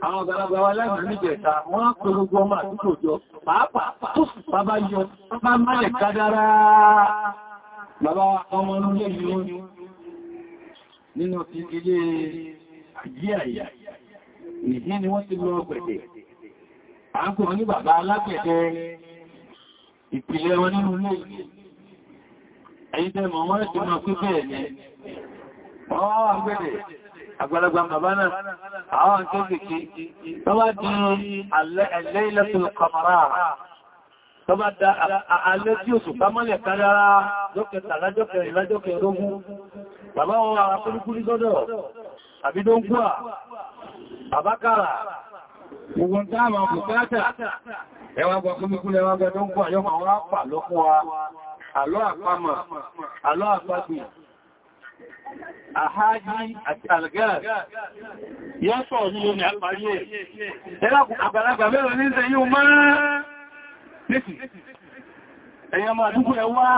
Speaker 1: Àwọn àgbàlagbà wa láti níjẹta, wọ́n kò gbogbo ọmọ àtúkò jọ, pàápàá tó sì bàbá yọ, bá mẹ́lẹ̀ kádára. Bàbá ọmọ orílẹ̀-èdè nínú ti ilé àjíyàyà ìdí ni wọ́n ti lọ pẹ̀tẹ̀ àákùn ní bàbá alápẹ̀tẹ̀ ìpìlẹ̀ wọn nínú ilé ẹ̀yí tẹ́mọ̀ wọ́n ti máa pín bẹ́ẹ̀ ni ọwọ́ àgbẹ̀rẹ̀ àgbàlagbà bàbá náà àwọn tó kìkì tó bá di alẹ́ ilẹ̀ tó kọmọ̀rá tó bá da alẹ́ tí òṣùpá mọ́lẹ̀ kárára lókẹta lájọ́kẹ̀ẹ́ lájọ́kẹ̀ẹ́ rógún bàbá wọn ara kúrúkúrí sọ́dọ̀ àbí tó ń kúà àbákàrà gbogbo ń táàmà bùkátà ẹwà gbà kúrúkúrí ẹwà gbà tó ń kúà yọ́mà wọ́n pà lọ́kún wa àlọ́ àpamọ̀ àlọ́ àpagbì àhájí àti àlgáà
Speaker 2: yọ́sọ̀ ní omi àparí ẹ̀ àgbàlagbà
Speaker 1: mẹ́rin ní ṣe yíò máa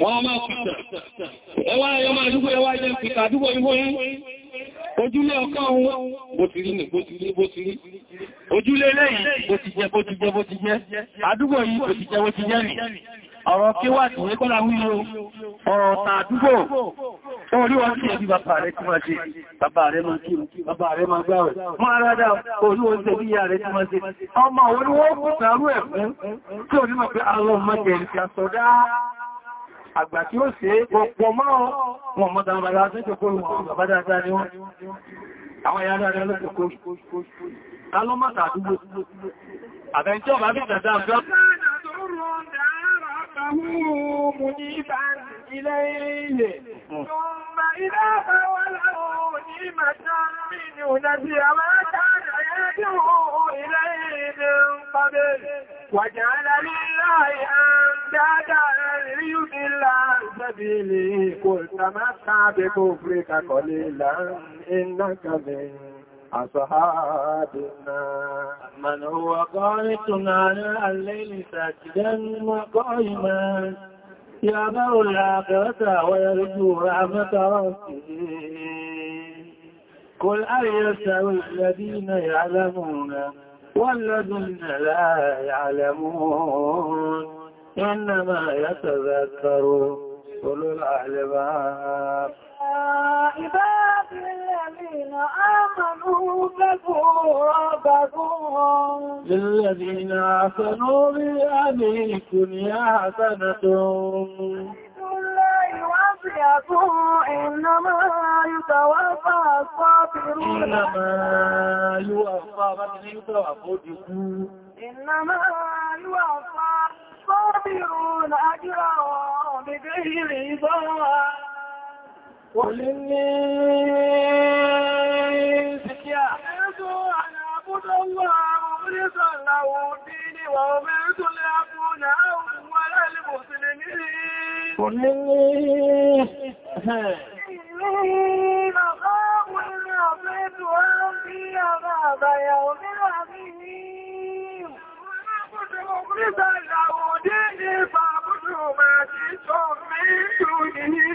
Speaker 1: wọ́n máa pìtà ẹwà ẹyọmọ àdúgbò ẹwà jẹ́ pìtà àdúgbò ìwò yìí ojúlé ọkọ̀ ohun bó ti rí bó ti rí bó ti rí ojúlé lẹ́yìn bó ti jẹ bó ti jẹ bó ti jẹ àdúgbò yìí bó ti jẹ bó ti jẹ nì ọ̀rọ̀ kí wà tí kọ́lá wílò
Speaker 2: ọ̀rọ̀ tàdúgbò
Speaker 1: tó rí wọ́n tí ẹbí bàbá rẹ̀ tí máa ṣe bàbá rẹ̀ máa kí bàbá rẹ̀ máa gbáwẹ̀ máa rádá orí wọ́n tẹ́bí ìyá rẹ̀ tí máa ṣe ọmọ orí wọ́n kùtàrú ẹ̀fún tí ò ní mọ̀ pé alọ́ mọ́ àgbà tí ó ṣe gbogbo mọ́ wọn mọ́ dáadáa láti tó kó wọn bàbá dáadáa ni wọ́n àwọn ìyá dáadáa ló tó kó ta ló mọ́ta àdúgbò àbẹ̀ntí ọ̀bá bí dáadáa ربه منيبا إليه ثم إذا فوله نعمة منه نسي ما كان يدعو إليه من قبل وجعل لله أندادا ليضل عن سبيله قل تمتع بكفرك قليلا إنك من أصحابنا من هو قانت على الليل ساجدا وقائما يأمر الآخرة ويرجو رحمة ربه قل أن يسأل الذين يعلمون والذين لا يعلمون إنما يتذكروا أولو الألباب عبادي الذين آمنوا فكوا ربكم للذين آمنوا بأبي كنيا حسنة إنما يتوفى الصابرون إنما يوفى من يتوفى إنما يوفى الصابرون أجرهم بغير ضرر قل إني سكيت أن أعبد الله مخلصا له الدين وأمرت لأكون أول المسلمين قل إني إني أخاف إن عصيت وأمضي عذاب يوم عظيم مخلصا له ديني فاعبد ما شئتم من دونه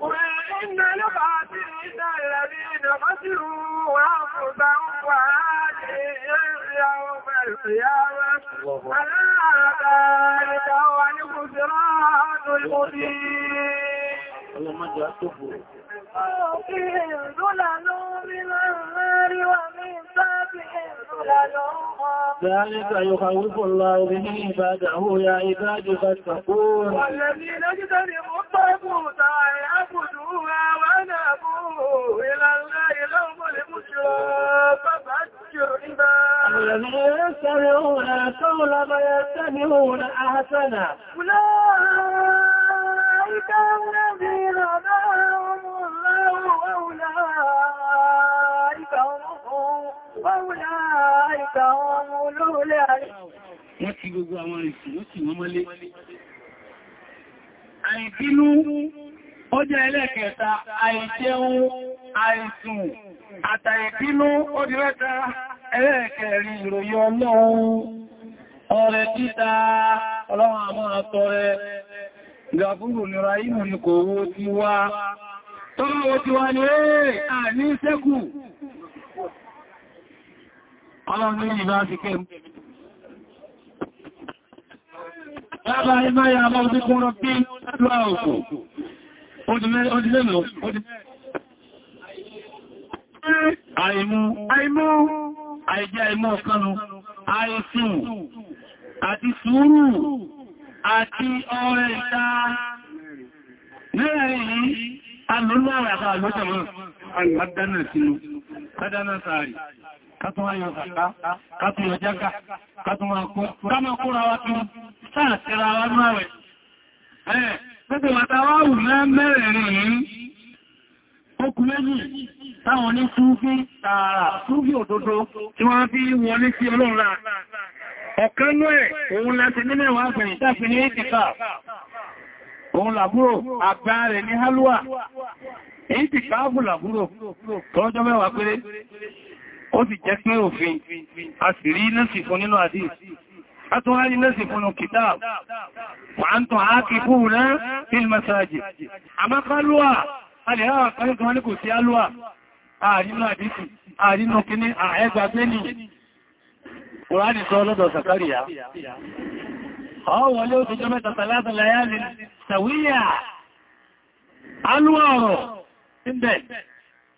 Speaker 1: قل إن الخاسرين الذين خسروا أنفسهم وآلهم يوم القيامة ألا ذلك هو الخسران المبين اللهم اجعل تفوق أوقظ لنا من النار ومن ذلك يخوف الله به عباده يا عباد فاتقون والذين اجتنبوا الطاغوت يعبدوها ونابوا الى الله لهم المشرك فبشر عباد الذين يستمعون القول فيتبعون احسنه اولئك الذين نهاهم Ọ̀wọ̀láìkà ọmọ olóòlé àrí. Wọ́n ti gbogbo àwọn ìsìn, wọ́n ti wọ́n mọ́lé. Àìbínú, ó jẹ́ ẹlẹ́kẹta, àìjẹun, àìsùn, àtàìbínú, ó di mẹ́ta, ẹlẹ́kẹ̀ẹ́rí ìròyìn ọlọ́run, ọrẹ títa, ọlọ́run àmọ́ àtọrẹ, nìra ìmù ni kò owó ti wá. ọlọ́run ní ìbá ti kẹ́ Bàbá ẹmá ya bá ọdún kún rọ bí lọ òkú. Odí lẹ́lọ, odí àìmú, àìmú, àìjẹ́ àìmú ọ̀kanu, àìsùn, àti sùúrù, àti ọrẹ ìta. Lẹ́rẹ̀ yìí, alùlọ́rẹ̀ àtàlùtẹ̀mọ́, àdánà sínú, àdánà sáàrì kátún wá yọ zàká kátún yọ jágà kátún wá kó kámọ kóra wá kí sáà tẹ́ra wá ní àwẹ̀ ẹ̀ pẹ́pẹ́ wàtàwà wù náà mẹ́rẹ̀ẹ̀rẹ̀ yìí okùn méjì táwọn ní súnfí tààrà súnfí òdodo tí wọ́n fi wọlé sí ọlọ́run ọ̀kanú ẹ̀ ó sì jẹ́ pé òfin a sì rí nẹ́sì fún nínú àdí àtúnwárí nẹ́sì fún un kìtà pàántàn ákìkú rẹ̀ fil masajid àmákálúwà alẹ́ àwọn kan kan ní kò sí alúwà àrínú àdísì àrínú kíní àẹ́gbàgbé ní Kùránì sọ lọ́dọ̀ Sàkáríyà ọwọ́lé ó ti jọ mẹ́ta tàlátà láyálì sàwíyà alúwà ọ̀rọ̀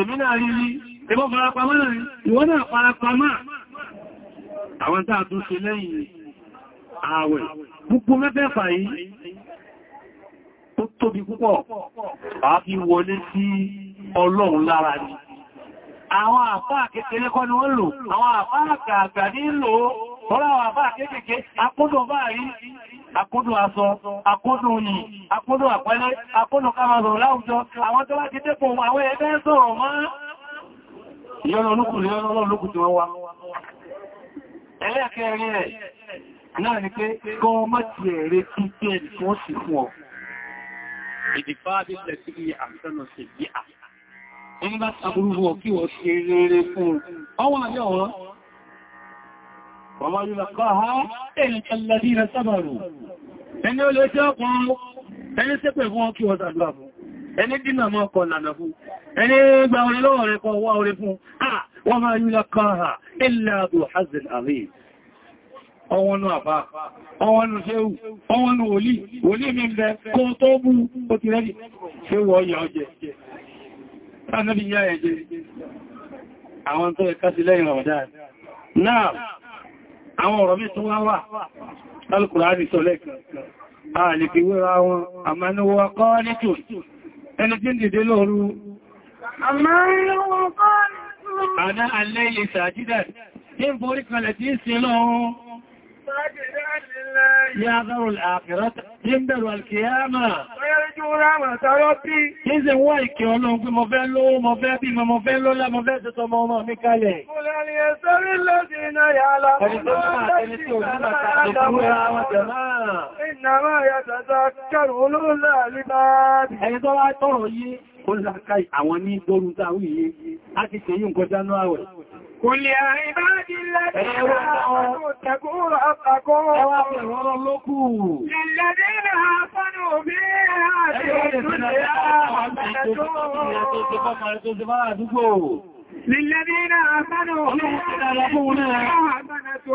Speaker 1: èmi náà rí rí ẹbọ́ farapamọ́ náà ìwọ́n náà farapamọ́ àwọn tàà tún ṣe lẹ́yìn ààwẹ̀ púpọ̀ mẹ́fẹ́fà yìí tó tóbi púpọ̀ àfi wọlé sí ọlọ́run lára ni àwọn àpá kékeré kọ́ ni wọ́n lò àwọn àpá àgbà ní lò tọ́lá àwọn àpá kékeré akúndùn báyìí akúdùn aṣọ, akúdùn òní, akúdùn àpẹẹlẹ, akúdùn kamarọ̀ láwùjọ, àwọn tó wá ti dépò àwọn ẹgbẹ́ sọ̀rọ̀ mọ́ ìyọ́nà olúkùn ìyọ́nà olóòlùkù tí wọ́n wá. Ẹlẹ́ẹ̀kẹ́rin rẹ̀
Speaker 2: náà ni pé gọ́ọ̀mọ́tì
Speaker 1: ẹ̀rẹ́ kí pé ẹni tí wọ́n sì fún ọ. Ìdìfà bí lẹ̀ sí àṣẹ́nà sí bí à. Ẹni bá sàbúrú fún ọ kí wọ́n ṣe rere fún ọ. Ọwọ́n àyọ̀ wọ́n wọ́n wọ́n yíla kọ́ ha ẹni tàlàdí rẹ̀ sábàrù ẹni ó lè jẹ́ ọkùn ẹni sẹ́pẹ̀ fún ọkí wọ́n sàdúrà fún ẹni dínà mọ́ ọkọ̀ lànà fún ẹni gba orí lọ́wọ́ rẹ̀ kọ wá orí fún wọ́n máa yíla kọ́ ha ilẹ̀ àbò hazin àrí ọwọ́nú àbá ọwọ́nú ṣéhù ọwọ́nú wòlí wòlí mi bẹ kó tó bú ó ti rẹ́dì ṣéhù ọyà ọjẹ́ Àwọn tó ẹ̀ká sí lẹ́yìn Ramadan àwọn ọ̀rọ̀ mí tún wá wà lálùkùnrin sọ lẹ́kàn ààlèkè wéra wọn àmánúwà kọ́ nítò ẹni tí ń dìde lóòrú àmánúwà kọ́ يحذر الآخرة ينبر الكيامة ويرجو رحمة ربي إذن وايكي ولهم مفين لو مفين بي مفين لولا مفين ستما وما مكالي قل هل يستوي الذين إنما يتذكر أولو الألباب أي ضلع طرعي kó lákàí àwọn ní gbóòrù táwọn yìí á ti tẹ̀yí nǹkan jánú àwẹ̀ Kùnlé àìbáàdì lẹ́dí àwọn tẹ̀kúrò àpàkó ẹwà pẹ̀lú ọlọ́lọ́kù. Lẹ́lẹ́dí ní àpánà òbí àti ìtúnlẹ̀ àwọn àpàkó Lílẹ́dínà àbánà òun lára fún náà, àwọn àbánà tó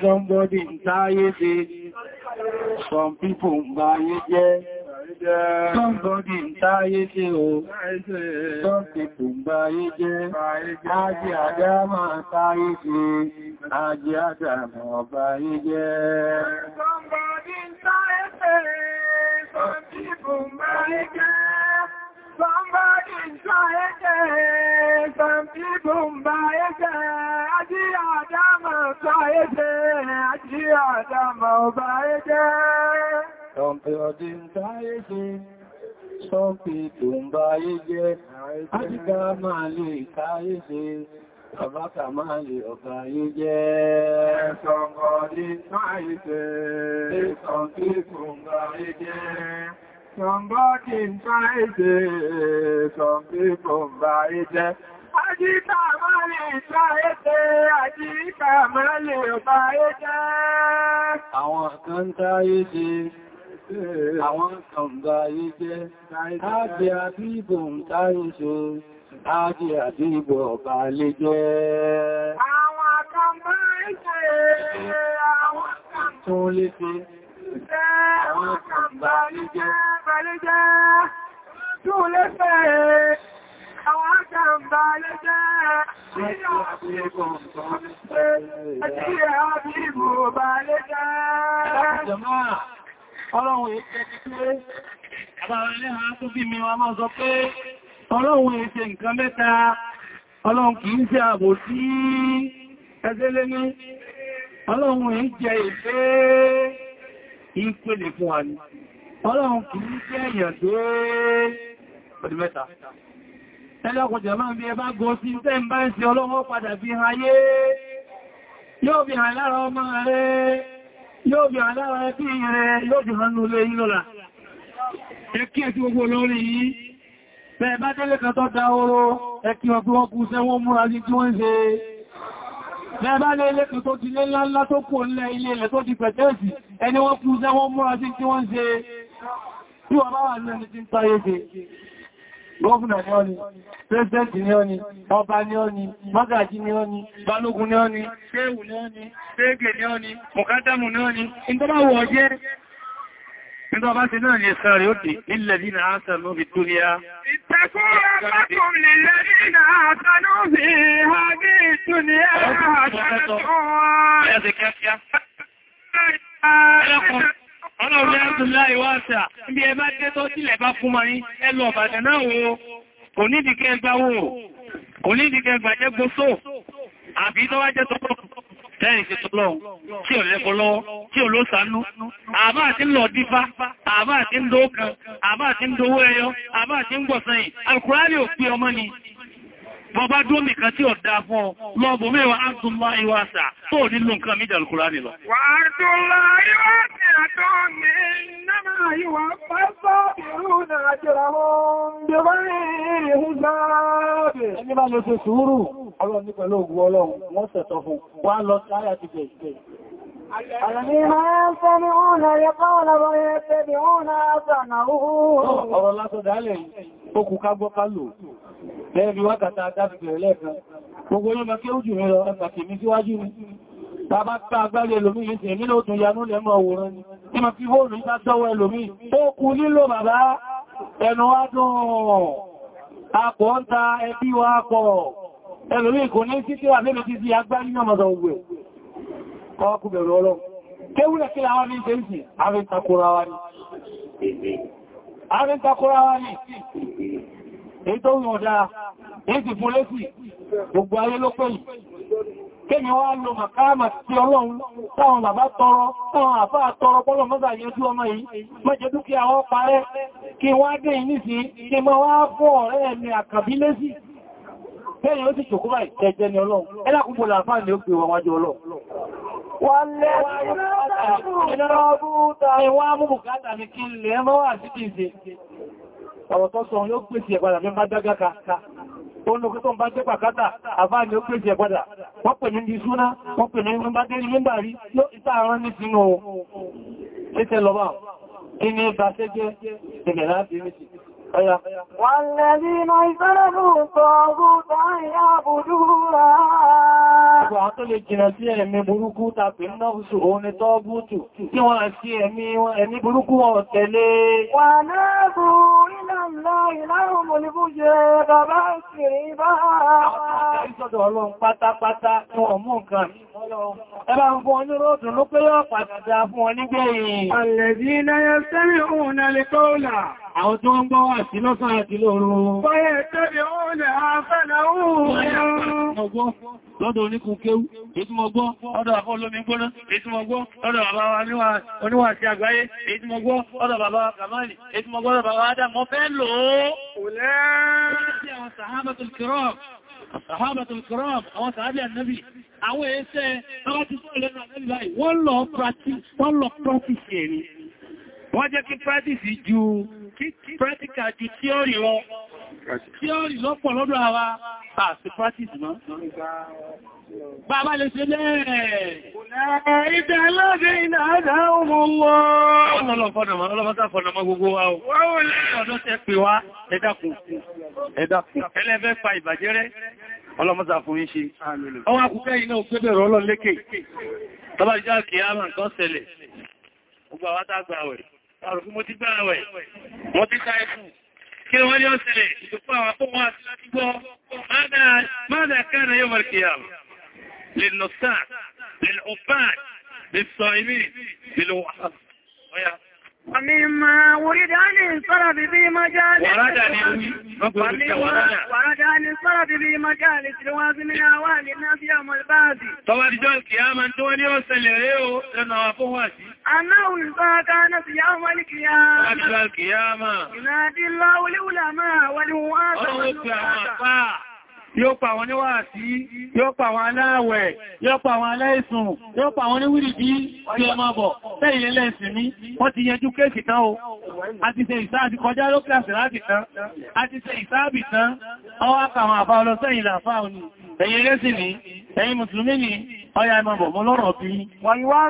Speaker 1: somebody ń táyé ṣe, some people ń bá ayé somebody ń táyé o, some people ń bá ayé jẹ́, ajé àdámà táyé ṣe, ajé àdámà ọba ayé jẹ́. Somebody ń táyé ṣe, some people ń bá ayé jẹ́. Somebody try it, some people buy it, Aji Adama tried it, Aji Adama buy it. Some people buy it, some people buy it, Aji Adama buy it. Ọbákà máa lè ọ̀gá yí jẹ́ ẹ̀sọ̀ngọ̀ ní máa ìfẹ́ ẹ̀sọ̀ngí kùngbà yí jẹ́ Some bodies buy it, some people buy it. Àjíká máa lè báyé jẹ́, àjíká máa lè báyé jẹ́. Àwọn kan táyé jẹ́, àwọn kan báyé jẹ́, ájẹ́ àti ìbò ń táyé jẹ́, ájẹ́ àti ìbò ọ̀bá lè jẹ́. Àwọn kan báyé jẹ́, àwọn kan tó lè jẹ́ jẹ́ àwọn àkàmbàlẹ́jẹ́ balẹ́jẹ́ tó lẹ́fẹ́ àwọn àkàmbàlẹ́jẹ́
Speaker 2: ẹjọ́ àti ẹgbọ̀n tó lẹ́fẹ́
Speaker 1: ọlọ́run èé nǹkan mẹ́ta ọlọ́run kìí ṣe àbò sí ẹgbẹ́lẹ́ní ọlọ́run èé ìfẹ́ ń pèlè fún wa ní ọlọ́run kì í jẹ́ èèyàn tó ọdún mẹ́ta ẹlọ́kùn jẹ́mọ́ bí ẹ bá gọ sí tẹ́ ń bá ń ṣe ọlọ́wọ́ padà bí ayé yóò bí hàn lára ọmọ rẹ yóò bí hàn lára ẹbí rẹ yóò bí hàn nú lé ìlọ́la ẹkí ẹ̀kí gbogbo lórí yìí bẹ́ẹ̀ bá tẹ́lẹ̀ kan tó da oró ẹkí ọgbọ́n kú sẹ́wọ́n múra sí tí wọ́n ń ṣe lẹ́bá lé ilé kan tó ti lé ńlá tó kò ńlẹ̀ ilé ilẹ̀ tó ti pẹ̀tẹ́ẹ̀sì ẹni wọ́n kú sẹ́ wọ́n múra sí tí wọ́n ṣe tí wọ́n bá wà lẹ́ni tí ń táyé ṣe gómìnà ni ó pẹ́sẹ̀ntì ni ó ọba ni ó ni ni ó balógun ni ó ni ni ó ṣéègè ni ó ni ni ó ni ìtọ́báwọ̀ Nígbà bá ti náà ní ẹ̀sán rẹ̀ ó dì nílẹ̀ dínà àásànú fi tó ní á. Ìtẹ́kúrò alákùn nílẹ̀ dínà àásànú fi ha ní ìtú ní ẹ̀rọ Ọlọ́run Abdullá ìwáṣà, ibi ẹbá jẹ́ tó sílẹ̀ bá ní ìdíkẹ́ ẹgbà tó wá jẹ́ tẹ́rì ti tọ́lọ́un tí ò lẹ́kọ́ lọ́wọ́ tí ò ló sánú àbá àti ń lọ dífá àbá àti ń dókan àbá àti ń dówó ẹyọ àbá àti ń gbọ̀sẹ̀yìn alkùránì ò pí ọmọ ni bọ́bá dómi kan tí ọ̀dá fún ọ lọ́bọ̀ mẹ́wàá àtúnlá ìwàsà tó nílò nǹkan mídà lùkúrá nílọ. Wà á túnlá ìwàsà tó ní náà ìwà pẹ́sọ́ ìrú náà jẹ́ra ohun bí wọ́n rí الذين يستمعون القول ويتبعون أحسنه ọ̀rọ̀ lásọ̀ dálẹ̀ okù ká gbọ́ ká lò lẹ́ẹ̀bí wákàtà dábìbẹ̀rẹ̀ lẹ́ẹ̀kan gbogbo yóò mẹ́kẹ́ ojú mi lọ ẹgbàkì mi síwájú mi bàbá tá agbálẹ̀ ẹlòmí ní ti èmi lóòtún yanú lẹ́mọ̀ òwòrán ni ní ma fi hóòrùn ìta tọ́wọ́ ẹlòmí ó kú nílò bàbá ẹnu wá dùn apọ̀ ń ta ẹbí wa pọ̀ ẹlòmí kò ní sí kọ́kù bẹ̀rẹ̀ ọlọ́ kéwúlẹ̀ kí láwọn ní ṣe ń sì àárín takora wa ní èyí tó wùn ọ̀dá èyí fún lẹ́sì gbogbo ayé ló pẹ̀lú kémi wá lọ màkáàmà tí ọlọ́run táwọn bàbá tọrọ táwọn àfá tọrọ pọ́lọ̀ mọ́sà yẹjú ọmọ yìí mọ́jẹ dúkìá wọ́n parẹ́ kí wá dé ìníṣì kí mọ́ wá fọ́ ọ̀rẹ́ mi àkàbí lẹ́sì tẹ́yìn ó sì ṣòkúrà ìtẹ́jẹ́ ni ọlọ́run ẹlákùnbò làfáà ni ó pè wọn wájú Wọ́n lẹ́yìn Oúnjẹ òkú tó ń bá jẹ́ pàkátà, àfáà ni ó pèsè ẹ̀gbọ́dà. Wọ́n pè ní ní súná, wọ́n pè ní ní bá dé ní nígbà rí, yóò ìta àrán ní sínú ohun. Ṣé tẹ́ lọ bá? Kí ni bá ṣẹ́ jẹ́ ìgbẹ̀lá bí méjì? والذين اجتنبوا الطاغوت أن يعبدوها Àwọn tó lè jìnà sí ẹ̀mí burúkú tàbí náàbùsù òun ni tọ́bùtù tí wọ́n sí ẹ̀mí burúkú wọn tẹ̀lé. Wà náà bú ìlànà ìlànà mọ̀lẹ́bú jẹ bàbá ìsìnrí bá. Àwọn ìsọ́dọ̀ ọlọ́run pátápátá tí wọ́n mú nǹkan. Ẹbá ń fún ọní róòdùn ló pé yọ́ pàtàkì fún ọ nígbẹ̀yìn. Àlẹ̀dí náà yẹ sẹ́rìn òun náà lè kọ́ àwọn tí wọ́n gbọ́ wà sí lọ́sàn àti lóòrò báyẹ̀ tẹ́lẹ̀ òun lè àfẹ́lẹ̀ òun lọ́dọ̀ oníkun kéwú ètùmọ̀gbọ́ ọdọ̀ àfọ́ olómi gbóná ètùmọ̀gbọ́ ọdọ̀ bàbá wa oníwà sí àgbáyé ètùmọ̀gbọ́ ọdọ̀ bàbá Kàmáàlì ètùmọ̀gbọ́ ọdọ̀ bàbá Adam mọ́ fẹ́ lòó olẹ́ àwọn sàhábàtul kiram Àhábàtàl kìrám, àwọn sàábí ànábì, àwọn ẹ̀ẹ́sẹ́ ọwọ́ ti sọ́ọ̀lẹ́ ànábì báyìí, wọ́n lọ practice ẹ̀rí. Wọ́n jẹ́ kí practice ju practical di theory wọn theory lọ́pọ̀ lọ́dọ̀ àwa àti practice mọ́ bàbá lè ṣe lẹ́rẹ̀ ìdá lọ́dẹ iná àdá ọmọ wọ́ ọlọ́lọ́fọ́nàmọ́ ọlọ́fọ́nàmọ́ gbogbo wa o ọdọ́ tẹ́ pè wá ẹ̀dàkùn ẹ̀dàkùn ẹlẹ́fẹ́ pa ìbàjẹ́rẹ́ ọlọ́mọ́ta fún yín ṣe ọwọ́ akúkẹ́ iná òkú bẹ̀rẹ̀ ọlọ́lékè tọ́bá ìjọ́ àkíyàmà kan ṣẹlẹ̀ gbogbo àwátá wẹ̀ àrùkú mo ti gbára wẹ̀ mo ti ká ẹkù kí wọ́n ní ọ̀sẹ̀lẹ̀ ìdòkú àwọn akọ́wọ́ àti láti gbọ́ ماذا كان يوم القيامة للنصاع للعباد للصائمين للوحف ومما ورد عن الصرف في مجال ورد عن الصرف في مجال الجواز من أعوان الناس يوم الباسي طوال جول قياما دوني وسلريو لنوافه واسي أنه الباء كانت يوم القيامة طوال القيامة ينادي الله العلماء والهواة والنبات yóò pa àwọn níwàásí yóò pa àwọn aláàwẹ̀ yóò pa àwọn aláìsùn yóò pa àwọn oníwìrìdí tí ẹ bọ̀ tẹ́yìn ẹlẹ́sìn ní wọ́n ti yẹjú kéèkì tán o a ti ṣe ìsáàbì kọjá lókèsì láti tán a ti ṣe ìsáàbì tán ọwọ́ àkàwọn àbá ọlọ́sẹ́yìn làfáà òní ẹ̀yin ẹlẹ́sìn ní ẹ̀yin mùsùlùmí ní ọya ẹmọ bọ̀ mọ́ bí wọ̀nyíwá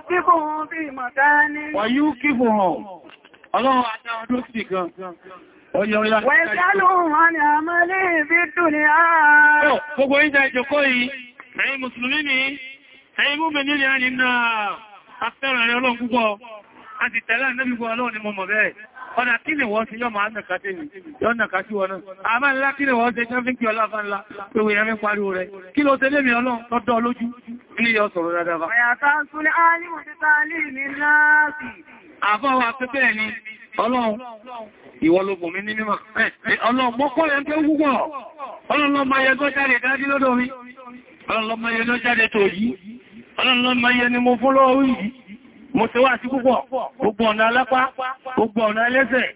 Speaker 1: kí Gbogbo ìjà ìjọkó yìí, ẹ̀yin Mùsùlùmí ni, ẹ̀yin mú mi nílẹ̀ àní náà, afẹ́ràn rẹ̀ ọlọ́run púpọ̀, a ti tẹ̀lá ìnẹ́bí gbọ́ ọlọ́run ni mo mọ̀ bẹ́ẹ̀. Ọ̀nà kí ni wọ́n ti yọ́ máa nàkàtí wọn náà? A máa ńlá kí ni wọ́n ṣe jẹ́ fíkí ọlá fánlá, pé wèé rẹ̀ pariwo rẹ̀. Kí ló tẹ́lé mi ọlọ́run tọ́dọ́ Ọlọ́run ìwọ ló bùn mi ní mímọ̀. Ọlọ́run mọ́kọ́ rẹ̀ ń pẹ́ púpọ̀. Ọlọ́run lọ́mọ ayẹ tó jáde dájú lọ́dọ̀ mi. Ọlọ́run lọ́mọ ayẹ tó jáde tó yìí. Ọlọ́run lọ́mọ ayẹ ni mo fún lọ́wọ́ yìí. Mo ti wá sí púpọ̀, gbogbo ọ̀nà alápá, gbogbo ọ̀nà ẹlẹ́sẹ̀,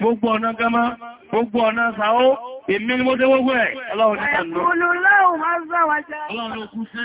Speaker 1: gbogbo ọ̀nà gama, gbogbo ọ̀nà sàó, èmi ni mo tẹ́wọ́gbọ́ ẹ̀, ọlọ́run ní ṣàánú. Ọlọ́run ló kú sí.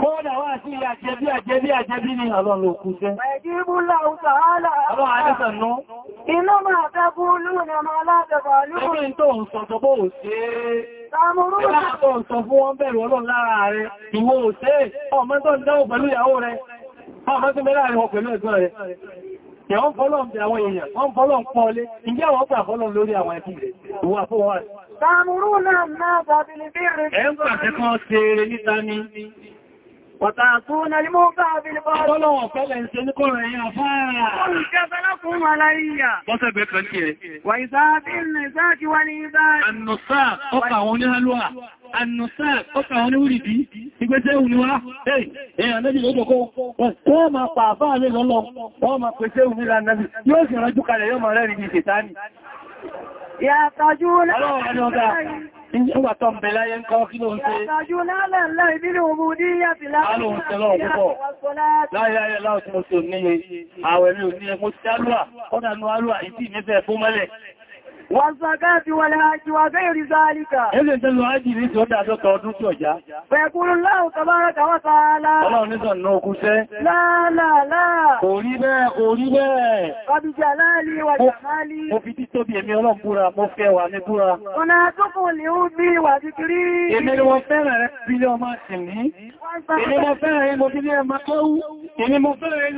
Speaker 1: Kódà wá sí àjẹbí àjẹbí àjẹbí ní ọlọ́run òkú jẹ́. Ẹ̀jíbú láhùn tààlà. Ọlọ́run àdẹ́sàn náà. Iná máa tẹ́kú lúnà máa látẹ̀bà lúnà. Ẹgbẹ́ tó ń sọ tó bó ò ṣe é. Sàmúrú. Ẹgbẹ́ tó ń sọ fún wọn bẹ̀rù ọlọ́run lára rẹ̀. Ìwọ ò ṣe é. Ọmọ tó ń dáwò pẹ̀lú ìyàwó rẹ̀. Ọmọ ní bí rẹ̀. Ẹ وتعطون الموقع بالبعض ولو فلن سنقر يا فارع قل كيف لكم علي وسبق لك وإذا بالنساك والإذاك النصاب أقعون هلوى النصاب أقعون ولدي ìgbésẹ̀ òníwá ẹ̀yìn ẹ̀yìn ànẹ́bì lójòkó wọ́n ma pàáfà lè lọ́lọ́ wọ́n ma pèsè òníwá ànẹ́bì yóò sì rọ́jú kalẹ̀ yóò ma rẹ́rìn ní ṣètáni Nígbà tó ń bẹ láyé ń kọ́ kí ló ń ṣe? والزكاة والهاج وغير ذلك إذن تلو عجي ريس ودع سوك ودوك وجا فيقول الله تبارك وتعالى الله نزل نوكوش لا لا لا قريبا قريبا وبجلالي وجمالي وفيتي tóbi èmi ọlọ́run búra mo fẹ́ wà ní búra. Ọ̀nà àtúkùn ni ó bí wà díkiri. Èmi ni wọ́n fẹ́ràn rẹ̀ bí lé ọmọ sí ní. Èmi mo fẹ́ràn rẹ̀ mo bí lé ọmọ tó wú. Èmi mo fẹ́ràn rẹ̀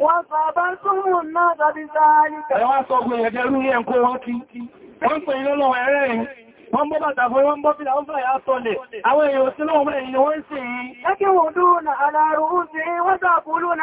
Speaker 1: Wọ́n sọ bá súnmù الناس بذلك ẹwà sọ gbé ẹ̀dẹ̀rú ní ẹ̀kọ́ wọn kí wọ́n pè ní lọ́wọ́ ẹ̀rẹ́ rìn wọ́n bọ́ bàtà fún wọ́n bọ́ fílà wọ́n fẹ́ àtọ́lẹ̀ àwọn èèyàn tí lọ́wọ́ mẹ́rin ni wọ́n sì yí ẹkí wọ́n dúnà aláàrù ó sì wọ́n dà fún lónà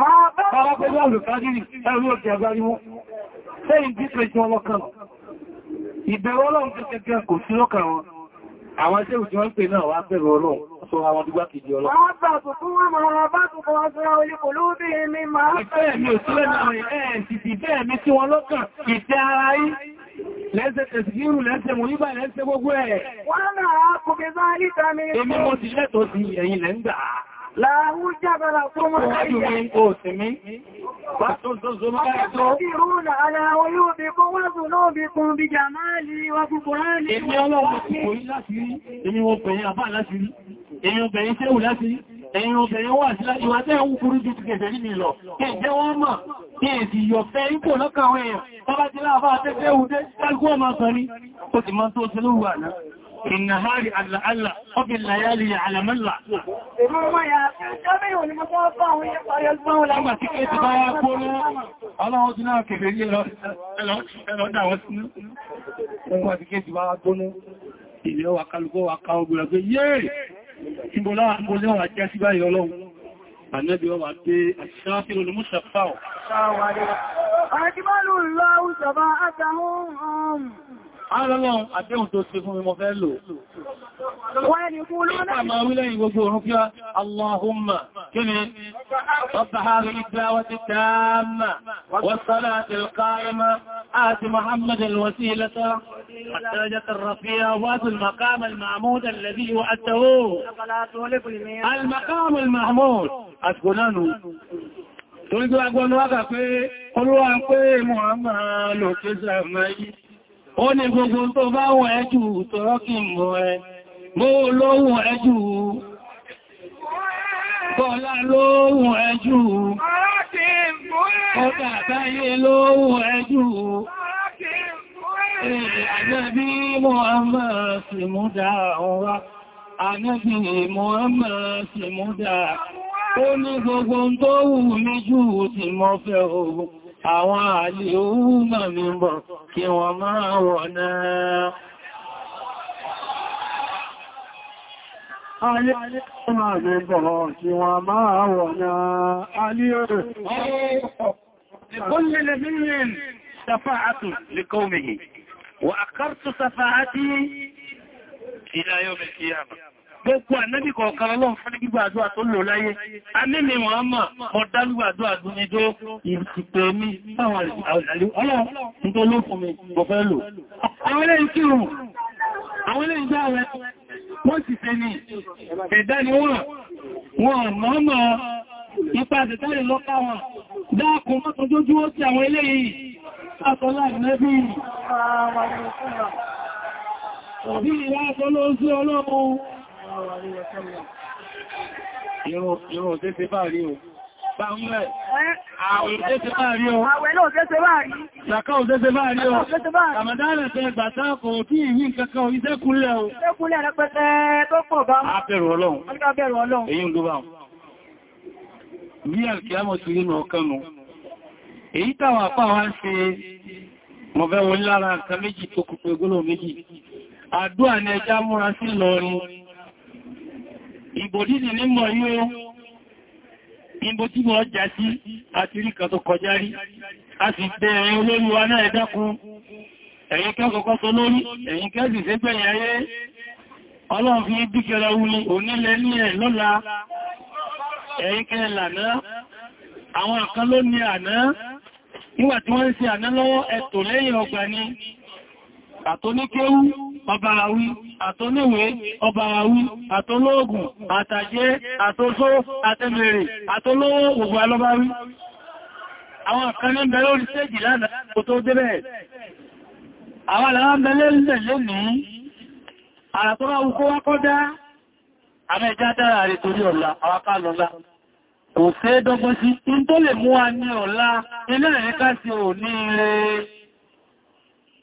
Speaker 1: Bàbá pẹ̀lú àlùkájírì, ẹ̀rù òkè àgbáríwó, sẹ́yìn bí pẹ̀jú ọlọ́kàn. Ìbẹ̀rù ọlọ́run kẹ́kẹ́kẹ́ kò sí lọ́kàn wọn. Àwọn iṣẹ́ òjò ń pè náà wá bẹ̀rù ọlọ́run, sọ àwọn dúgbà kìí jẹ ọlọ́run. Wọ́n bàtù fún wọn mọ̀ wọn bàtù fún ọjọ́ orí kò lóbi mi máa. Ìfẹ́ mi ò sílẹ̀ náà ẹ̀ẹ́ ti ti bẹ́ẹ̀ mi sí wọn lọ́kàn, ìfẹ́ ara yí lẹ́sẹ̀ tẹ̀sìgírù lẹ́sẹ̀ mú nígbà lẹ́sẹ̀ gbogbo ẹ̀. Wọ́n náà kò láàrún jábára tó mọ́ láìyẹ̀. Ọ̀pọ̀lọ́pìrúnà aláwọ̀ yóò bí kó wọ́n náà bí kún bí jàmáàlì wà kúkúrá ní ẹgbẹ́ ọlọ́wọ́ kòrí láti rí, èyí obìnrin àbá láti rí, èyí obìnrin tẹ́wù láti rí, èyí obìnrin wà sí láti wà tẹ́ ń kúrú jù ti gẹ̀ẹ́sẹ̀ nínú lọ. Kí ìjẹ́ wọ́n mọ̀, kí èsì yọ̀fẹ́ ipò lọ́kàwẹ̀ èèyàn, tọ́bá ti láàbá tẹ́gbẹ́ ìnàhárì àlàálà ọbí làyálì àlàmọ́là. Ọlọ́run الله náà kèfèrí ẹlọ́dà wọ́n sínú. Ọlọ́run ti kéjì bá gbónú ilé wa kálùkọ́ wa ká ọgbùrà pé yéè ìbòlá àpòlẹ́ wà jẹ́ sí báyìí ọlọ́run ànẹ́bí ọwà pé àṣíṣáfí olùmúṣà fáwọ̀ اللهم àrẹ́lọ́run التامة والصلاة القائمة آت ìmọ̀fẹ́ lò wọ́n الرفيعة وآت المقام المعمود الذي وعدته المقام المحمود اسكنانو تريد اقول نواقع في قلوان قيم وعمالو كزا ميت ó ní gbogbo tó bá wọ ẹjù tọ́rọ kí n mọ́ ẹ mọ́ olóhùn ẹjù bọ́lá lóhùn ẹjù ọ̀dà àbáyé lóhùn ẹjù Ànábì Muhammad sì mú dá àwọn wá, Ànábì Muhammad mú dá, ó ní gbogbo tó wù mí jù tí mo fẹ́ ogun. àwọn àlè oúnmà mi bọ̀ kí wọ́n máa wọ̀ náà. Ayé ọmọ mi bọ̀ kí wọ́n máa wọ̀ náà. Alé ọ̀rẹ́ لكل نبي شفاعة لقومه وأقرت شفاعتي إلى يوم القيامة gbogbo ànábì kọ̀ọ̀kan ọlọ́run fún ní gbígbà àdúrà tó lò láyé anílè mọ̀ọ́mà mọ̀dálúgbà àdúrà tó ní tó ìpè mí báwọn ọlọ́run tó ló fún mi bọ̀fẹ́ lò àwọn ilé ìkírùn àwọn ilé ìgbà rẹ̀ wọ́n sì fẹ́ ní ẹ̀dá ni wọ́n wọ́n mọ̀ọ́mà
Speaker 2: ipa àtẹ̀tẹ́lẹ̀ lọ́pàá wọn
Speaker 1: dákùn mọ́tún jójú ó sí àwọn ilé yìí àtọ́lá ìrẹ́bí Ọ̀bí ìwà ọ̀pọ̀lọ́ ojú ọlọ́run Ìrùn tẹ́sẹ̀ bá rí o. Bá ń rẹ̀. Àwẹ̀ tẹ́sẹ̀ bá rí o. Àwẹ̀ náà tẹ́sẹ̀ bá rí. Ṣàkọ́ tẹ́sẹ̀ bá rí o. Àmàdánà tẹ́ gbà sáàkò tí ìhìn kankan ìṣẹ́kúnlẹ̀ o. Ìṣẹ́kúnlẹ̀ rẹpẹtẹ tó pọ̀ bá. A bẹ̀rù Ọlọ́run. Èyí ń ló bá. Bí àkíyàmọ̀ sí nínú ọkàn nù. Èyí táwọn àpá wá ń ṣe mọ̀ fẹ́ wọn lára nǹkan méjì tó kù pé gólò méjì. Àdúà ni ẹjá múra ìbòdí ni ní mọ̀ yíó ìbò tí mọ̀ ọjà sí àti rí kan tó kọjá rí a sì bẹ̀rẹ̀ olórí wa náà ẹ̀dákun ẹ̀yin kẹ́ kọ́kọ́ tó lórí ẹ̀yin kẹ́ sì fẹ́ gbẹ̀yìn ayé ọlọ́run fi dúkẹ́ra wuli onílẹ̀ ọba àwí àtọ́níwé ọba àwí àtọ́lóògùn àtàjẹ́ àtọ́só àtẹ́mẹ̀rẹ̀ àtọ́lówó gbogbo alọ́bá rí àwọn kan ń bẹ lórí sẹ́jì lánàá kò tó débẹ̀ àwọn àlàrá ń bẹ lẹ́lẹ̀ lónìí àràtọ́lá ukó wákọ́dá àmẹ́ ìjá dára rẹ̀ torí ọ̀la àwọn fẹ́ dọ́gbọ́n sí in tó lè mú wa ní ọ̀la ilé ẹ̀ríká sí ò ní ire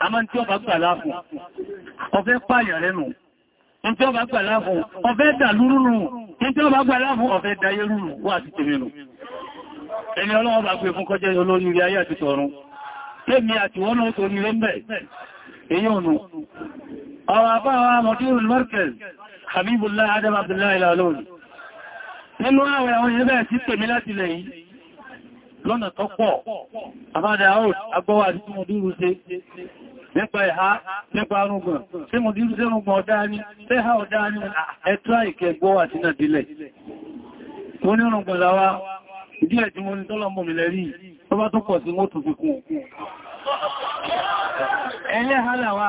Speaker 1: a máa tí ó bá gbà láàfún ọ̀fẹ́ pààyàn rẹ̀ nù tí ó bá gbà láàfún ọ̀fẹ́ dàlúrú nù tí ó bá gbà láàfún ọ̀fẹ́ dayérú nù wà sí tèmi nù ẹni ọlọ́wọ́ bá gbé fún kọjẹ́ olórin ilé ayé àti tọ̀run tèmi àti wọ́n náà torí rẹ̀ mẹ́ èyí ònù ọwọ́ àbáwà mọ̀dúrún markaz Habibullah Adam Abdullahi Lalori nínú àwẹ̀ àwọn ìyẹ́bẹ̀ẹ́ sí tèmi láti lẹ́yìn lọ́nà tó pọ̀. Àmádà out agbọ́wà tí mo dúró ṣe nípa ẹ̀há nípa arúgbọ̀n. Ṣé mo dúró ṣe rúgbọ̀n ọ̀dá ní? Ṣé ha ọ̀dá ní ẹ̀tọ́ ìkẹ gbọ́wà tí náà dílẹ̀? Mo ní rúgbọ̀n láwá, díẹ̀ tí mo ní tọ́lọ̀mọ̀ mi lẹ́rí, tó bá tó pọ̀ sí mo tún fi kún. Ẹlẹ́há làwá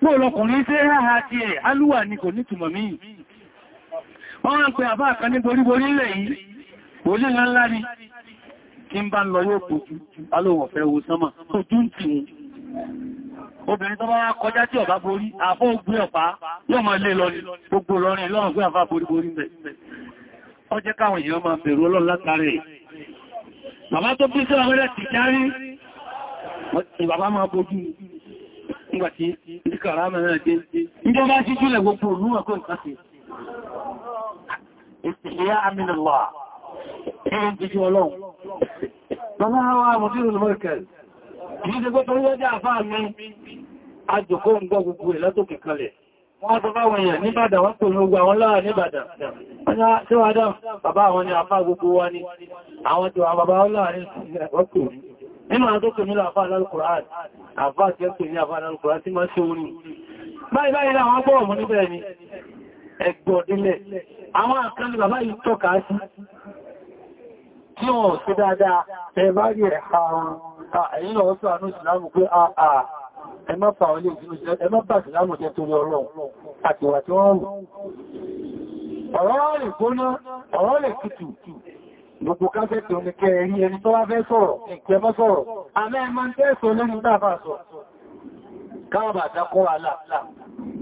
Speaker 1: Bó lọkùnrin tí ẹ̀, alúwà ni kò ní mí. Wọ́n àbá kan boríborí yìí, ńlá ni, kí bá ń lọ yóò ọ̀fẹ́ sánmà, Obìnrin tó bá kọjá tí borí, àfọ́ ọ̀pá yóò máa lé lọ gbogbo lọrin lọ́rùn fún àfá jẹ́ káwọn èèyàn máa bẹ̀rù Ọlọ́run nígbàtí ìkàrà mẹ́rin dé nígbà bá sí jùlẹ̀ gbogbo olúwà kó ìyá àmìnàlá ẹ̀rùn jíjú ọlọ́run wọ́n tó bá wọ̀nyẹ̀ níbàdà wọ́n tó ní ogun àwọn láàá níbàdà ọjọ́ tí wọ́n ah, dá bàbá àwọn ni àfáà gbogbo wá ní àwọn tó àwọn bàbá láàá ní ọkùnrin nínú àdókò nílò àfáà lálùkùrán àfáà tí ó pè ní àfáà lálùkùrán tí máa ṣe orin báyìí báyìí láwọn agbọ́rọ̀ mú níbẹ̀ ni ẹgbọ̀dílẹ̀ àwọn àkànlù bàbá yìí tọ́ka sí tí wọ́n sí dáadáa ẹ̀bá rí ẹ̀ha ẹ̀yìn lọ sọ àánú ìsìlámù pé àà ẹmọ́fà olè ẹmọ́fà ìsìlámù jẹ́ torí ọlọ́run àti wà tí wọ́n rù ọ̀rọ̀ lè gbóná ọ̀rọ̀ lè tutù Gbogbo kásẹ̀tì omi kẹrin ẹni tó wá fẹ́ sọ̀rọ̀, ìkẹmọ́ sọ̀rọ̀, àmẹ́ ẹmọ ń tẹ́ẹ̀sọ̀ lẹ́nu dáfà sọ. Káàbà dákọ́ àlàáfà.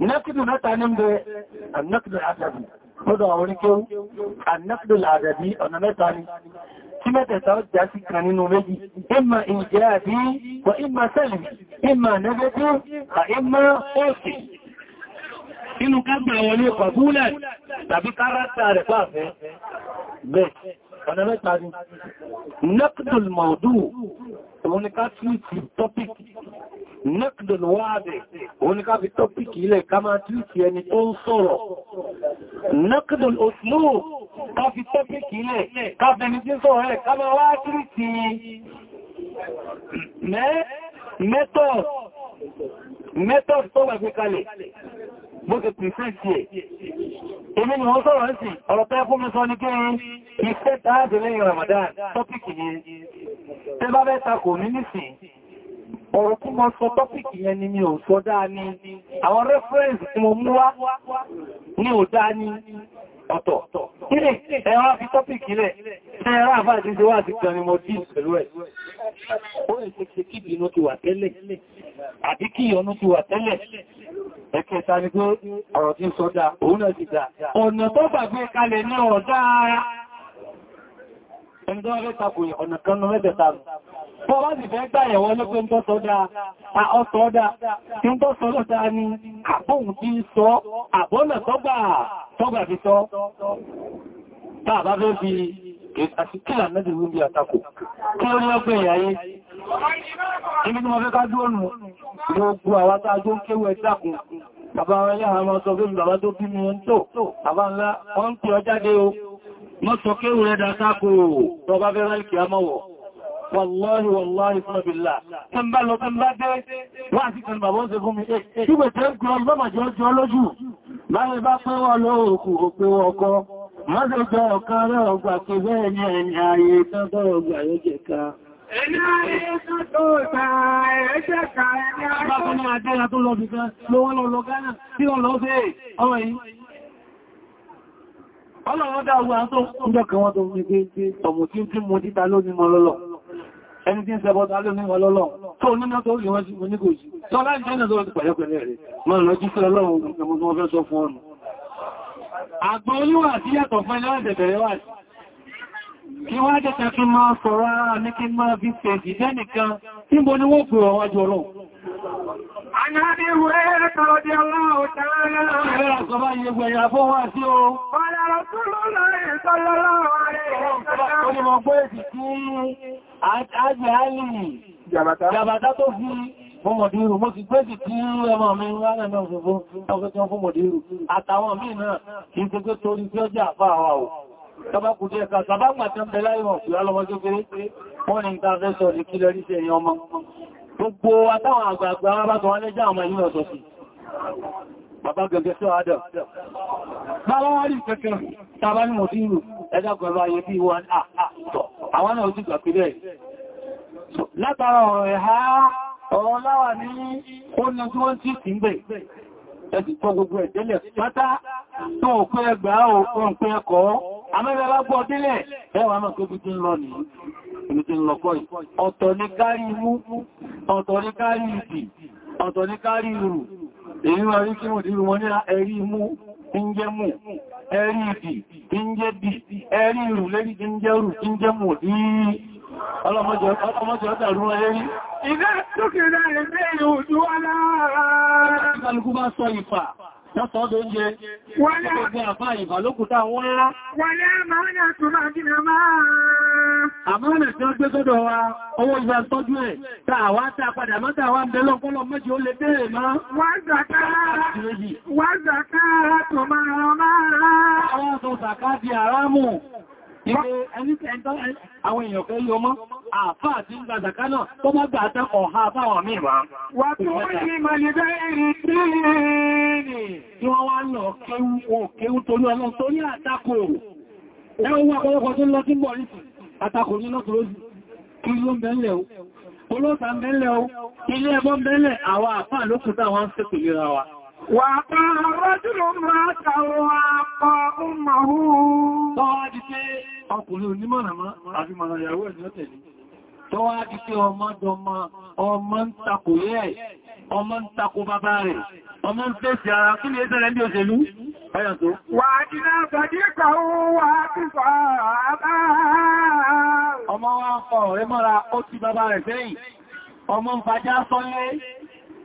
Speaker 1: Nẹ́kìdù mẹ́ta ní ń bẹ, ànẹ́kìdù àjàbì, lọ́dọ̀ àwọn oríkẹ́ ànẹ́kìdù àjàbì ọ̀nà mẹ́ta ni. Tí mẹ́tẹ̀ta ó já sí kan tàbí kárátà rẹ̀ pàfẹ́ bẹ́ẹ̀ ọ̀nà mẹ́ta ni naqdul mawdu' òun ni ká tíìtì tọ́pìkì naqdul wa'd òun ni ká fi tọ́pìkì ilẹ̀ ká máa tíìtì ẹni tó ń sọ̀rọ̀ naqdul uslub ká fi tọ́pìkì ilẹ̀ ká bẹni tí sọ̀rọ̀ ẹ̀ ká máa wá tíìtì mẹ́ mẹ́tọ̀ mẹ́tọ̀ tó wà fi kalẹ̀ bókè pìfẹ́sì ẹ̀. Èmi ni wọ́n sọ̀rọ̀ sí ọ̀rọ̀ tẹ́ fún mi sọ ní kí ní ìfẹ́ tààdì lẹ́yìn Ramadan tọ́pìkì yẹn. Tẹ́ bá bẹ́ta kò ní nìsìn, ọ̀rọ̀ kí mọ́ sọ tọ́pìkì yẹn ni mi ò sọ dáa ní àwọn rẹ́fẹ́rẹ́nsì tí mo mú wá ní ò dáa ní ọ̀tọ̀. Kíni ẹ̀wọ́n fi tọ́pìkì rẹ̀ Ẹ̀rọ àfáà ti ṣe wá ti kan ni mo dí pẹ̀lú ẹ̀. Ó rẹ̀ ṣe ṣe kí ìbínú ti wà tẹ́lẹ̀, àbí kí ìyọnú ti wà tẹ́lẹ̀. Ẹ̀kẹta ni pé ọ̀rọ̀ tí ń sọ́dá, òun náà ti dá. Ọ̀nà tó gbàgbé kalẹ̀ ní ọ̀dá ara ẹ̀ndọ́ rẹ̀ takòyìn ọ̀nà kan ní mẹ́tẹ̀ta rẹ̀. Bọ́ bá sì fẹ́ gbà ẹ̀wọ́ ló pé ń tọ́ sọ́dá, a ọ́sọ́ ọ́dá, tí ń tọ́ sọ lọ́ta ni àbóhùn tí ń sọ, àbọ́nà tọ́gbà tọ́gbà fi sọ, tàbá fẹ́ fi àti kí àmẹ́dì ló bí àtakò kí ó rí ọgbẹ̀ ìyáyé ibi tí wọ́n fẹ́ ká dúónù gbogbo àwátá tó ń kéwẹ́ dákùn bàbá wọn yá àwọn ọmọ sọgbé bàbá tó bí mi ń tó bàbá ńlá wọ́n ń pè ọ jáde o mọ́sọ kéwù rẹ̀ dátákò tọba fẹ́ ráìkì àmọ́wọ̀ wàláhì wàláhì fún ọbìlá tẹ́ ń bá lọ tẹ́ ń bá dẹ́ wá sí kan bàbá ń ṣe fún mi ṣígbẹ̀ tẹ́ ń kọ́ ọlọ́màjọ́ jọ lójú láyé bá pẹ́wọ́ lọ́rùn òkú òpéwọ́ ọkọ́ Mọ́sọ̀tọ̀ ọ̀kan rẹ̀ ọgbà kí bẹ́ẹ̀ ní ẹni ààyè tọ́tọ́ ọgbà yóò jẹ ká. Ẹni ààyè tọ́tọ́ ọ̀tà ẹ̀ẹ́ jẹ́ ká ẹni ààyè. Bákanáà Adéra tó lọ bìkan lówó lọ lọ Gánà tí wọ́n lọ fẹ́ ọmọ yìí. Ọlọ́run dá ogun àtọ́ ọjọ́ kan wọ́n tó ń gbé tí ọmọ tí ń tí mo títa lónìí mọ́ lọ́lọ́. Ẹni tí ń sẹ́bọ́ta lónìí mọ́ lọ́lọ́. Tó nínú tó rí sí oníkòjì. Tọ́lá ìjẹ́ náà tó rọ̀ pẹ̀lẹ́pẹ̀lẹ́ rẹ̀. Mọ́ lọ fẹ́ ọlọ́run ọmọ tó sọ fún ọ̀nà àgbà oníwà sí yàtọ̀ fún ẹlẹ́wà ìdẹ̀bẹ̀rẹ̀ wà kí wá jẹ́ta kí máa sọ̀rọ̀ ara ní kí máa bí fèjì jẹ́ nìkan tí mo ní wó pè ọwọ́ jọ lọ Jàbàtà tó fi fọ́mọ̀dérù mo ti gbé jìtí ẹmọ mi rárẹ̀ náà ṣùgbọ́n ọgbẹ́jọ́ fọ́mọ̀dérù àtàwọn míì náà kìí ṣe pé torí tí ó jẹ́ àfá àwà ò tọba kù jẹ́ ẹ̀ka tàbá gbàtẹ́ ń bẹ láì wọ̀n fìyà lọ́mọ ni nǹkan fẹ́ sọ ní kílẹ̀ rí sí ẹ̀yìn ọmọ gbogbo àtàwọn àgbààgbà wọn bá sọ wọn lẹ́jẹ́ àwọn ìlú ọ̀sọ̀ sí bàbá gẹ̀gẹ̀ ọ̀rọ̀ láwà ní oúnjẹ tí wọ́n tí ti ń gbé ẹ̀sì tó gbogbo ẹ̀dẹ́lẹ̀ pátá tó òpin ẹgbà òun pẹ́ ẹkọ́ amẹ́rẹ́lágbọ́ délẹ̀ ẹwà mọ́ pé bí ti ń lọ ní ibi ti ń lọ kọ́ ọ̀tọ̀ ní kárí imú ọ̀tọ̀ ní kárí ìdì ọ̀tọ̀ ní kárí ìrù èyí wà rí kí ní ọlọ́mọjọ́ dàrú ẹlẹ́rí ìdá tókè láàrin mẹ́rin òjú wá láàá Lọ́tọ̀ ọdún oúnjẹ, ọgbẹ́ àfá ìbàlókùtà wọ́n rá. Wọ́n ní àmà ó ní àtúmà gínà máa. Àmọ́ ọ̀nà tí ó gbé sọ́dọ̀ wa, owó ìgbà tọ́jú ẹ̀, tàà wá tàà padà mọ́ tàà wá ń bẹ lọ́pọ̀lọ́ méjì ó lè bèèrè máa. Wọ́n zàkáà tó máa Ìwé ẹnìkẹ́ntọ́ àwọn èèyàn fẹ́ yọ mọ́, àfá àti ń gbàzàká náà tó bá gbà tán ọ̀há báwọn mí wá. Wà tó ní màlìbẹ́ ìrìn tí ni wọ́n wá lọ kéwú torí ọlọ́run torí àtakò. Ẹwọ́n wà pọ́lọ́pọ̀ tó lọ sí bọ̀ nìtì, àtakò ní lọ́tọ̀lọ́sì, kí ló ń bẹ́ńlẹ̀ o, olóta ń bẹ́ńlẹ̀ o, وقال رجل امرأته وعقى أمه di pé ọmọ ọmọ ń takò yẹ́ ẹ̀ ọmọ ń takò bàbá rẹ̀ ọmọ ń fèsì ara kí ni ẹ́sẹ̀rẹ̀ ní òṣèlú ọyàtọ̀ wà dínà bàdíkà wà ti fà bàbá ọmọ wá ń fọ ọ̀rẹ́ mọ́ra ó ti bàbá rẹ̀ sẹ́yìn ọmọ ń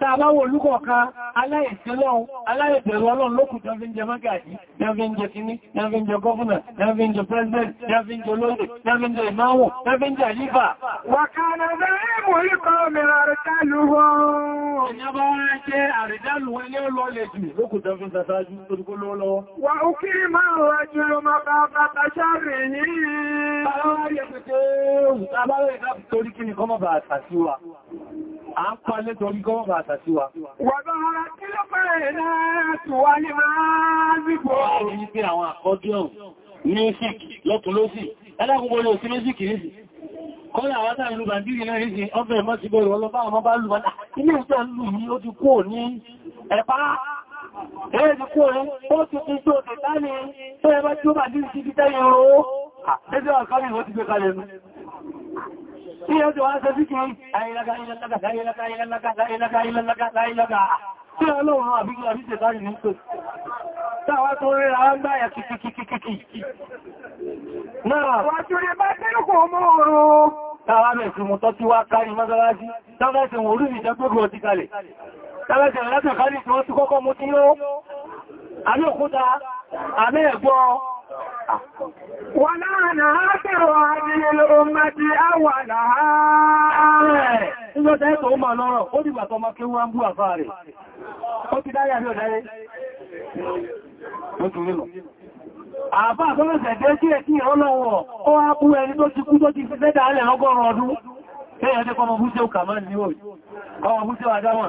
Speaker 1: tàbá wo olúkọ̀ọ̀ká aláìsílọ́un aláìbẹ̀rù ọlọ́run lókùn jẹ́fínjẹ mọ́gàjí jẹ́fínjẹ kíní jẹ́fínjẹ gọ́fúnà jẹ́fínjẹ president jẹ́fínjẹ olóòdè jẹ́fínjẹ ìmáwò jẹ́fínjẹ àlífà wàkánà bẹ́rẹ̀ mú kí ni kọ́mọ̀ bàtà sí wa a ń pa lẹ́tọ̀rí gọ́ọ̀rọ̀ àtàtí wa. Wọ̀dọ̀ ara kí ló fẹ́rẹ̀ náà tó wá ní máa zígbò. Wọ́n rí pé àwọn àkọ́díọ̀n, music lọ́tún music rí Kọ́lá àwọn tàà ìlú Bàndìrì náà rí sí ọgbẹ̀ ìmọ́ sí bẹ̀rẹ̀ ọlọ́bá ọmọ bá lù bàndà. Ilé ìṣẹ́ lù Ẹ̀rẹ́ ti kú òun, ó ti ti tó tẹ̀tá ni, tó ẹbá tí ó Bàndìrì sí ti tẹ́yìn oró. Ẹjọ́ àkọ́rin wọ́n ti gbé kalẹ̀ Tí ó ti wá ṣe síkìrí, àìlàgà ìlàlàgà, láìlàgà ìlàlàgà, láìlàgà ìlàlàgà, láìlàgà. Tí ọlọ́run àbígbà bí ṣe tàrí ní pé. Táwà tó rí ra ń gbáyà kìkìkìkìkì. Náà. Wà tí ó rí bá tẹ́lú kò mọ́ oòrùn. Táwà bẹ̀ sí mú tọ́ tí wá kárí mọ́sálásí, táwà ẹ̀sẹ̀ wọ́n orí mú tí ونحن آخر هذه الأمة أولها Ìjọ́ tẹ́ tó máa lọ́rọ̀, ó dìgbà tó máa kí wọ́n bú àfá rẹ̀. Ó ti dáyà bí ọ̀dáyé. Ó ti rí lọ. Àfá ní òyí, kọmọ bú sí àdámọ̀,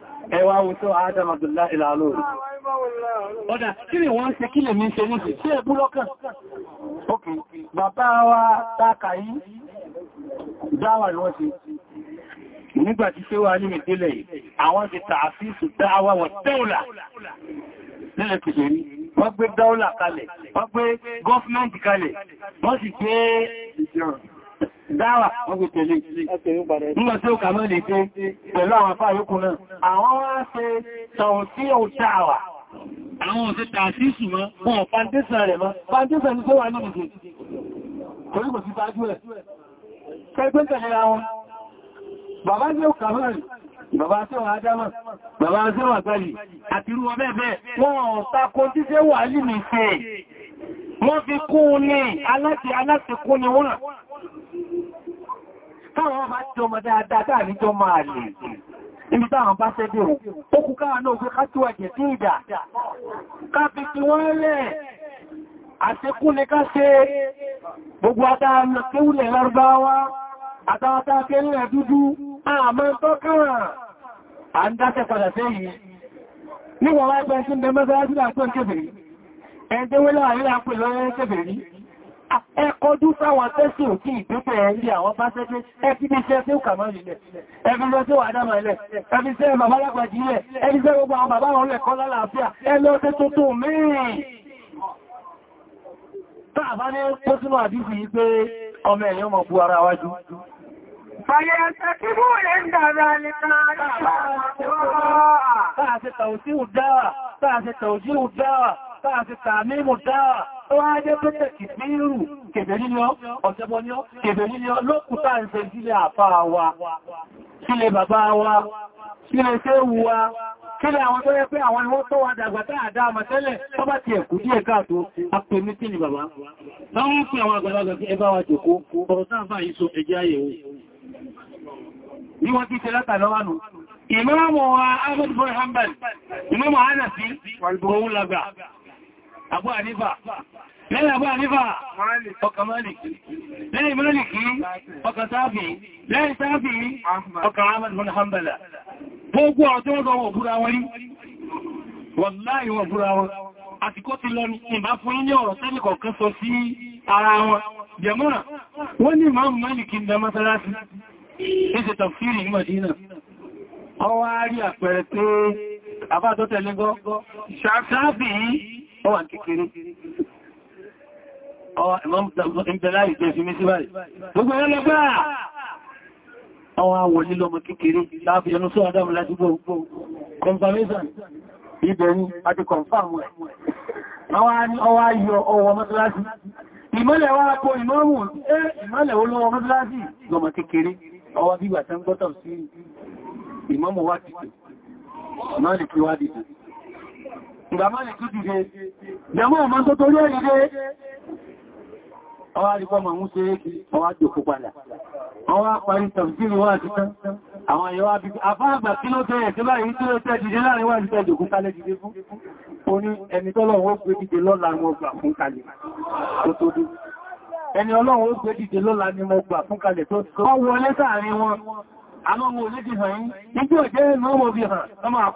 Speaker 1: ẹwà òtó Adam Abdullah ìlàlò ọ̀dà kí ni wọ́n ṣe kí mi ṣe níṣẹ́ sí ẹ̀bú lọ́kàn ókè bàbá wa tákà yìí dáwà ni wọ́n ṣe nígbàtí ṣe wà ní ìdílẹ̀ yìí àwọn ti tààfíìsù dáwà wọ̀ tẹ́ùlà nílẹ̀ kìsìrí wọ́n gbé dáwà kalẹ̀ wọ́n gbé gọ́fìmẹ̀ntì kalẹ̀ wọ́n sì gbé dáwà wọ́n gbé tẹ̀lé nígbà tí ó kà mọ́ lè pé pẹ̀lú àwọn afá yóò kúnnà àwọn wá ṣe tàwọn tí ó dáwà àwọn òṣè tààtí ṣùgbọ́n wọn ò pàndésà rẹ̀ mọ́ pàndésà ní tó wà ní ìgbè torí kò sí fájú rẹ̀ kẹgbẹ́ tẹ̀lé àwọn bàbá tí ó kà mọ́ rẹ̀ bàbá tí ó adámà bàbá tí ó àgbàlì àti irú ọbẹ̀ bẹ́ẹ̀ wọn ò takò tí ṣe wà ní ìṣe wọ́n fi kún ní aláti aláti kún ni wọ́n táwọn ọmọ jọmọ dáadáa táà ní jọmọ àlè ibi táwọn bá ṣẹ́ dé ó kú káà náà gbé kátíwà jẹ̀ sí ìdà ká fi fi wọ́n lẹ̀ àṣekú ní ká ṣe
Speaker 2: gbogbo adáàkéwùlẹ̀
Speaker 1: lárúbáwá adáàkéwùlẹ̀ dúdú àmọ́ tọ́kàrà à ń dáṣẹ́ padà sẹ́yìn níwọ̀n wáyé pẹ́ sí ẹgbẹ́ mẹ́sàn-án sí àpẹ́ kébèrè ẹgbẹ́ ẹkọjú sáwọn tẹ́sì òkí ìpínlẹ̀ ẹ̀rí àwọn pásẹ́jẹ́ ẹkìbíṣẹ́ tí ó kàmọ́ ilẹ̀ ẹbíṣẹ́ tí ó àdámà ilẹ̀ ẹbíṣẹ́ bàbá lágbàjí ilẹ̀ ẹbíṣẹ́ gbogbo àwọn bàbá wọn lẹ̀kọ́ lálàáfíà ẹlọ́tẹ́ tó tó mẹ́rin tàbá ní kó sínú àdífì yí pé ọmọ ẹ̀yọ́ mọ̀ bu ara wájú Fàyẹ̀ ẹ̀sẹ̀ kí bú rẹ̀ ń dàrà lè máa rí àwọn àwọn àwọn àwọn àwọn àwọn àwọn àwọn àwọn táàfi tààmì mú dáa tó wá jẹ́ tó tẹ̀kì bí rù kèbè nílọ ọ̀sẹ̀bọ̀ ní ọ́ kèbè nílọ lókùtà ń fẹ́ sílé àfá wa sílé bàbá wa sílé tẹ́wù wa kílẹ̀ àwọn tó yẹ pé àwọn ìwọ́n tó wà dàgbà tá àdá àmà tẹ́lẹ̀ tó bá ti ẹ̀kù díẹ̀ káàtó apè mítí ni bàbá láwọn pè àwọn àgbàlagbà tí ẹ wa jòkó ọ̀rọ̀ sáàfà yìí so ẹjẹ́
Speaker 2: àyẹ̀wò
Speaker 1: bí ti ṣe látàlọ́wànù ìmọ́mọ̀ Abu Hanifa lẹ́yìn Abu Hanifa ọkà Málìkì lẹ́yìn Málìkì ọkà Sáfì lẹ́yìn Sáfì ọkà Ahmad bin Hanbala gbogbo ọ̀tọ́ ọ̀dọ̀ wọ̀ búra wọn rí wọ̀láì wọ̀ búra wọn àti kó ti lọ ní ìbá fún ní ọ̀rọ̀ tẹ́lẹ̀ kọ̀ọ̀kan sọ sí ara wọn jẹ̀mọ́ra wọ́n ní máa Málìkì ń da mọ́sálásí ìṣẹ́ tafsiri ní Madina ọwá rí àpẹẹrẹ pé àbádọ́tẹ̀lẹ́gọ́ Sáfì ó wà kékeré ọwọ́ ìmọ̀láì ìjẹ́ fi mí sí báyìí
Speaker 2: gbogbo ẹ̀rẹ́ gbá
Speaker 1: àwọn awòlí lọmọ kékeré láàbí ẹnu sọ àdámù láti gbogbo confirmation ìbẹ̀rún àti confirm rẹ̀ ọwọ́ ayọ̀ ọwọ́ mọ́sálásí ìmọ́lẹ̀ wá kó ìmọ́mù ìmọ́lẹ̀ olówó mọ́sálásí lọmọ kékeré ọwọ́ bígbà tẹ́ ń gọ́tọ̀ sí ìmọ́mù wá dìtò
Speaker 2: ìgbàmọ́lẹ̀ tó dìde jẹmọ́ ọmọ tó torí ẹ̀rìdé
Speaker 1: ọwá rí fọ́mà mú ṣe éèkì ọwá jòkó padà ọwá parí tàbí wá ti tán àwọn ìyọwá bí afáàgbà kí ló tẹ́ẹ̀ tí báyìí tí ó tẹ́ dìde láàrin wá ìtẹ́ jòkó kalẹ̀ dìde fún ó ẹni tọ́lọ́run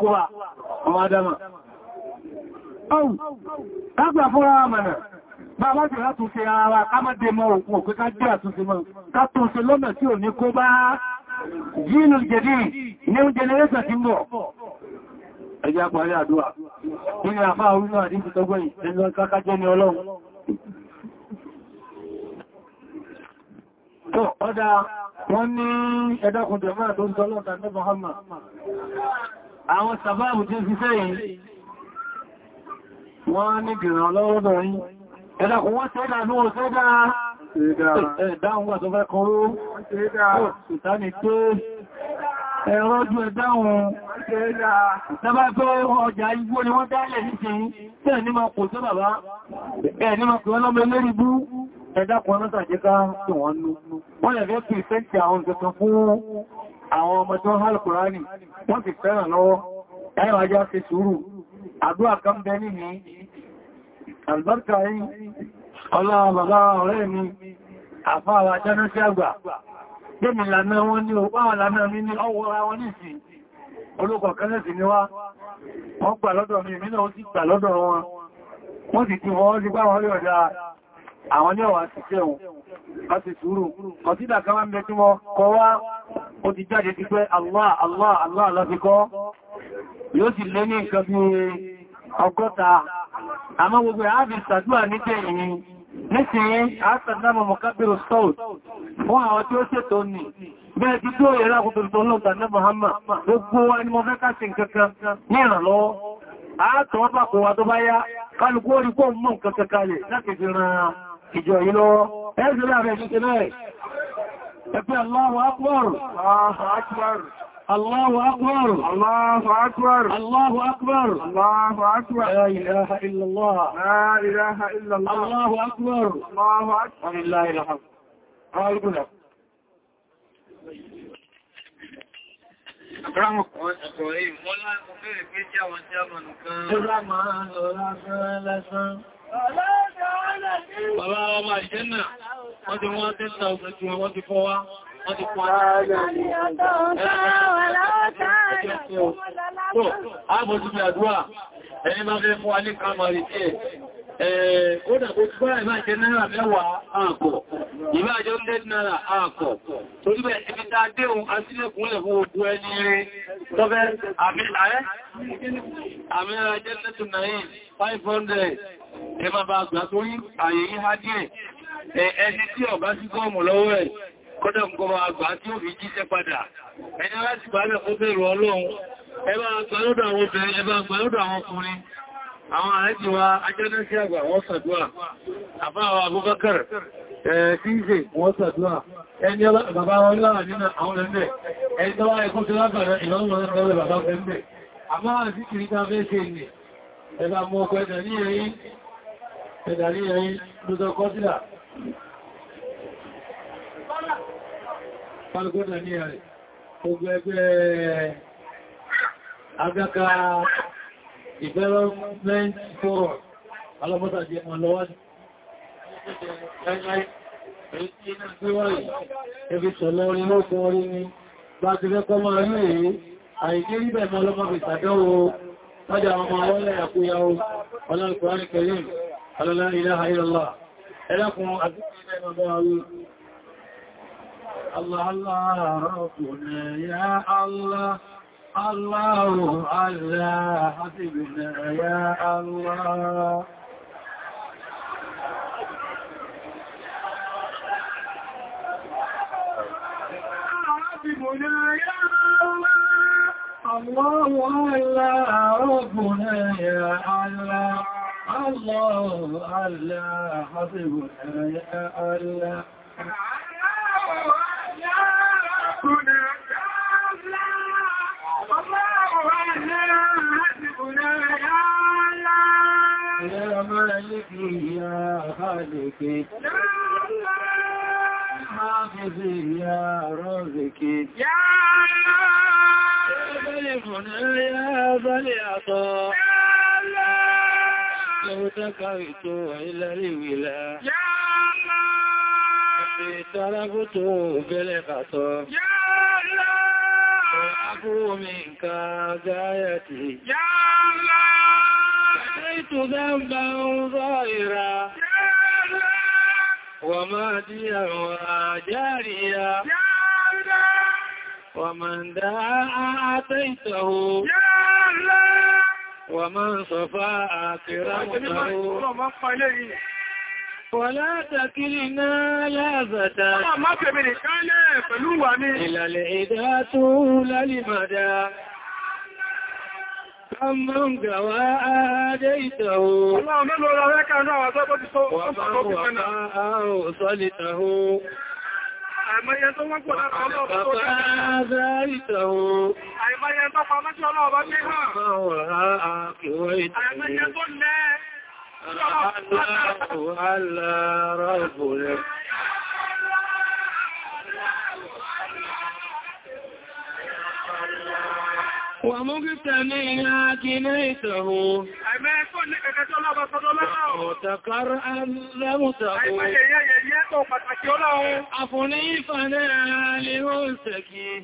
Speaker 1: ó gbé ọ̀hùn kágbà fúnra àmànà bá bá jù látún ṣe ara kámọ́dé mọ́ òkú ká jẹ́ àtúnṣe mọ́ kátún ṣe lọ́nà tí ò ní kó bá yínú jẹ́dí ní jẹnẹrẹ́sà tí mọ̀ ẹjá parí àdúwà nínú àfá orílẹ̀ àdínkù tọ́gbọ́n wọ́n ní gìràn lọ́wọ́dọ̀ yìí ẹ̀dàkùn wọ́n tẹ́dà ní wọ́n tẹ́dà ẹ̀dáhùn wà tó fẹ́ kan ró ìtàní tó ẹ̀rọ ju ẹ̀dáhùn tẹ́bá pé ọjà igbó ni wọ́n dálẹ̀ nísìnyí tẹ́ẹ̀ ní máa kò tó bàbá ẹ̀ ní máa kò ọlọ́mọ eléri bú ẹ̀dàkùn ọlọ́ta jẹ́ ká tí wọ́n nú wọ́n lẹ̀ fẹ́ fi ìfẹ́ǹtì àwọn ìjọkan fún àwọn ọmọ tó hálùkùránì wọ́n sì fẹ́ràn lọ́wọ́ ẹ̀rọ ajá fi sùúrù àdúrà kan bẹ ní ní albarka yìí ọlọ́bàbá ọ̀rẹ́ mi àfáàwà jẹ́nà sí àgbà gbẹ́mì lànà wọn ní òpáwà lànà mi ní ọwọ́ra wọn ní sí olókọ̀ kẹ́lẹ̀sì ni wá wọ́n gbà lọ́dọ̀ mi mínà ó sì gbà lọ́dọ̀ wọn wọ́n sì ti wọ́n sí páwọn orí ọ̀dá àwọn ní ọ̀wà sí sẹ́wọ̀n wọ́n ti sùúrù ọ̀tídà kan wọ́n mẹ́tí wọ́n kọ wá ó ti jáde ti pẹ́ Allah Allah Allah lọ́fikọ́ yóò sì lé ní nǹkan bí ọgọ́ta àmọ́ gbogbo ààbì sàdúwà ní tẹ̀yìn nísìnyí àátàdámọ̀ mọ̀kábírò sọ́ọ̀t fún àwọn tí ó ṣètò ní bẹ́ẹ̀ ti tó ìrà kùtùtù lọ́gbà náà Muhammad gbogbo wa ni mo fẹ́ ká sí nǹkan kan ní ìrànlọ́wọ́ àátọ̀ ọ́pàá kò wà tó bá yá kálukú orí pọ̀ mọ́ nǹkan kankalẹ̀ láti fi ran ìjọ yìí lọ́wọ́. Ẹ́ الله أكبر الله أكبر الله أكبر الله أكبر لا إله إلا الله لا إله إلا الله الله أكبر الله أكبر لله الحمد أقول Ìrámọ̀ ọ̀rẹ́ ìmọ́lá ọ̀fẹ́ ìpéjì àwọn tí a mọ̀ ọmọ ìjẹ́ náà, wọ́n wọ́n ti fún àjọ́ ẹni máa fẹ́ fún wa ní kàmàrí tí ẹ̀ kódà kó tí báyìí máa jẹ́ náírà mẹ́wàá ààkọ̀ ìbá àjọ lẹ́dì náírà ààkọ̀ torí bẹ̀ ibi ta déhùn asílẹ̀kúnlẹ̀ fún ojú ẹni rí tọ́fẹ́ àmìlà jẹ́ lẹ́tù náírà 500 ẹ kọ́dà nǹkan àgbà tí ó fi jíṣẹ́ padà ẹni láti gbàgbẹ̀ kó bẹ̀rù ọlọ́run ẹbá gbàlódọ̀ àwọn obìnrin ẹbá gbàlódọ̀ àwọn ọkùnrin àwọn àrẹ́jì wa ajọ́dọ́ àgbà wọ́n Abubakar wọn ẹni ẹgbà mọ́ ọkọ̀ ẹ̀dà ní ẹ̀yìn ẹ̀dà ní ẹ̀yìn Fálgọ́nà ní ààrẹ, ogun ẹgbẹ́ agbáka Development Forum, alamọ́ta jẹ wọn lọ́wọ́ ní ẹgbẹ́ ṣọlọ́rí lọ́gbọ́n orí ni, bá ti fẹ́ kọ́ máa rí èyí, àìjẹ́ rí bẹ̀mọ́ lọ́mọ ìsàdánwò, wájá ọmọ ọlẹ́ àkúyàwó, ọlọ́rùn-ún الله الله ربنا يا الله الله الله حبيبنا يا الله حبيبنا يا الله الله الله ربنا يا الله الله الله حبيبنا يا الله خالقي حافظي يا رزقي يا الله يا بليطا لو تكرت إلى الولا يا الله في طلبت بالغطا يا أبو منك غايتي يا الله أتيت ذنبا ظاهرا يا الله وماديا وجاريا يا الله ومن دعا أتيته يا الله ومن صفاء كرمته Wọ̀lá tàkìlì náà lábàtà. Ọmọ máa fèmì nìkan lẹ́ pẹ̀lú wà ní. Ìlàlẹ̀ ìdá tó lálìmàdá. Ọmọ́n gàwà àádé ìtàwó. Ọlọ́run mẹ́lọ ra rẹ́kà náà wà sọ́pọ̀ ti sọ́pọ̀ Àìmáyẹ tó wọ́n pọ̀ lára ọlọ́ọ̀bá tó dáa. Àbá ìtàwó. Àìmáyẹ tó pàmọ́ sí ọlọ́ọ̀bá ní hàn. Àìmáyẹ tó الله الله ربنا ومجتمعنا كنيته أما يكون لك تلعب صدوله وتقر ألمته أفني فنا لمسكي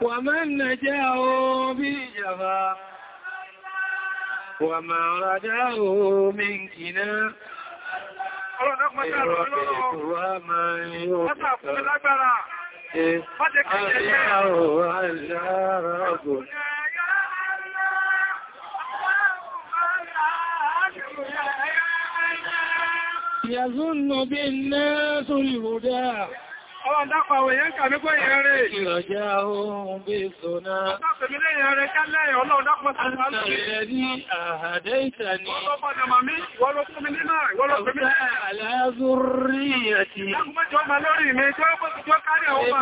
Speaker 1: ومن نجاه بجفا وما رداه من كنا ومن يوفق أرياه على ربنا يظن بالناس الهدى Ọlọ́run dápàá àwọn èèyàn kàmí pé èèyàn rẹ̀. Ìrọ̀já ohun bí sọ́nà. Àtàfẹ̀mí lẹ́yìn rẹ̀ kálẹ̀ ọlọ́run dápàá sàrẹ̀ máa mi nínú ìwọ́n lọ fún mi. Àlázúrí àti. Lágbàjọ́ ma lórí mi tí ó pọ̀ tí ó kárí àwọn ọmọ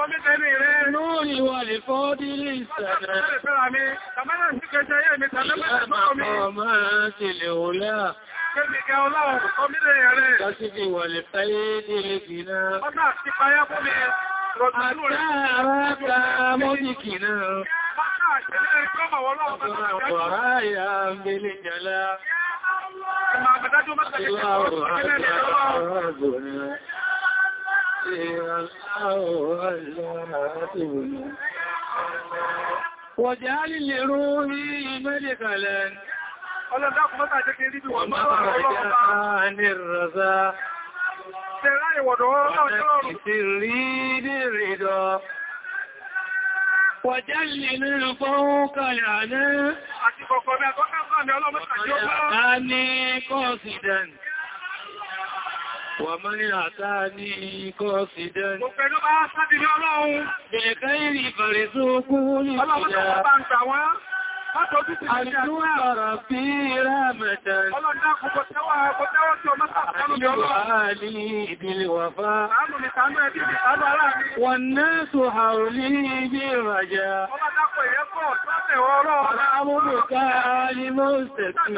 Speaker 1: Tọ́mítẹ́lì rẹ̀. Lórí wà lè fọ́ dílé ìsànà. Tọ́mítẹ́lì rẹ̀ mi, tàbí náà sí kẹjẹ yẹ́ mi tàbí mẹ́rin Kẹ́mìgẹ́ ọláwọ̀ ọmọdé rẹ̀. Lọ́sídì wọlé fẹ́yé ní ìgbìnà. Ọjọ́ àti payá fún mi rọ̀dùnú rẹ̀. Àtàrà mọ́dìkì náà. Mọ́ta àṣẹ́lẹ̀ ìkọ́mọ̀ wọ́lọ́wọ́ Wọ̀jẹ́ á lè lè rú ní mẹ́lẹ̀kàlẹ̀. Wàjálìlẹ̀ fọ́wọ́kà ìrànà àti kọ̀kọ̀ bí àkọ́kọ́ mi ọlọ́mọ́ ìtàjọ́ bá ní kọ́ọ̀sìdẹ̀n. Wà mọ́ ní àtà ní kọ́ọ̀sìdẹ̀n. Mo pẹ̀lú bá sábìlẹ̀ Àjúwà ọ̀rọ̀ bí rámẹ̀tẹ̀. Ọlọ́dá kòkò tẹ́wàá kòkò tẹ́wàá tí ọmọ sáàrùn ní ọlọ́rọ̀. Àlì ìbílẹ̀ wà fá. Àánú ni tàánú ẹbí ni tàánú ará ní. Wọ̀n náà sọ àrùn ní ibi ìràjá. Ọlọ́dá kò ẹ̀kọ́ tó tẹ̀wọ́ ọlọ́rọ̀. Ọlọ́dá mọ́ mọ́ ká ní mọ́ sẹ̀kì.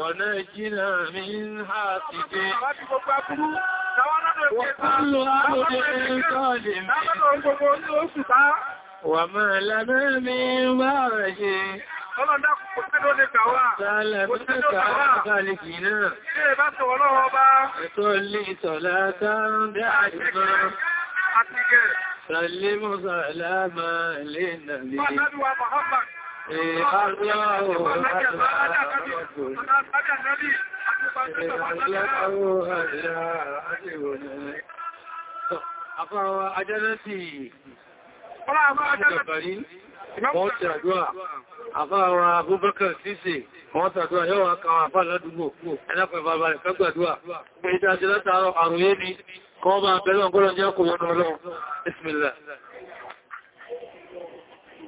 Speaker 1: Wọ̀n náà jìnà mí ń ha ti dé. Wọ́n wà máa lábẹ́ mi bá rẹ̀ ṣe. Ọlọ́dá kò tí ló lè kàwà. Sálẹ̀ fẹ́ kàwà kàlìkì náà. Ilé bá ti wọ́n lọ́wọ́ bá. Ẹ̀tọ́ ilé ìtọ̀lá tán bí àjíkọ́. Àtíkẹ́. Sàlé mọ́sà láàmà lè nàbí. Àfáwà ajẹ́lẹ́sì wọ́n ti àdúrà àfáàrà Abubakar síse wọ́n tàdúrà yóò wá kan àfá ládúgbò ẹlẹ́pẹ̀ bàbá rẹ̀ fẹ́gbàdúrà pé ìdájẹ́ látàárọ̀ àrùn yé ni kọ́ bá bẹ̀rẹ̀ ọgọ́rọ̀ jẹ́ kò wọ́n lọ́rọ̀
Speaker 2: Bismillah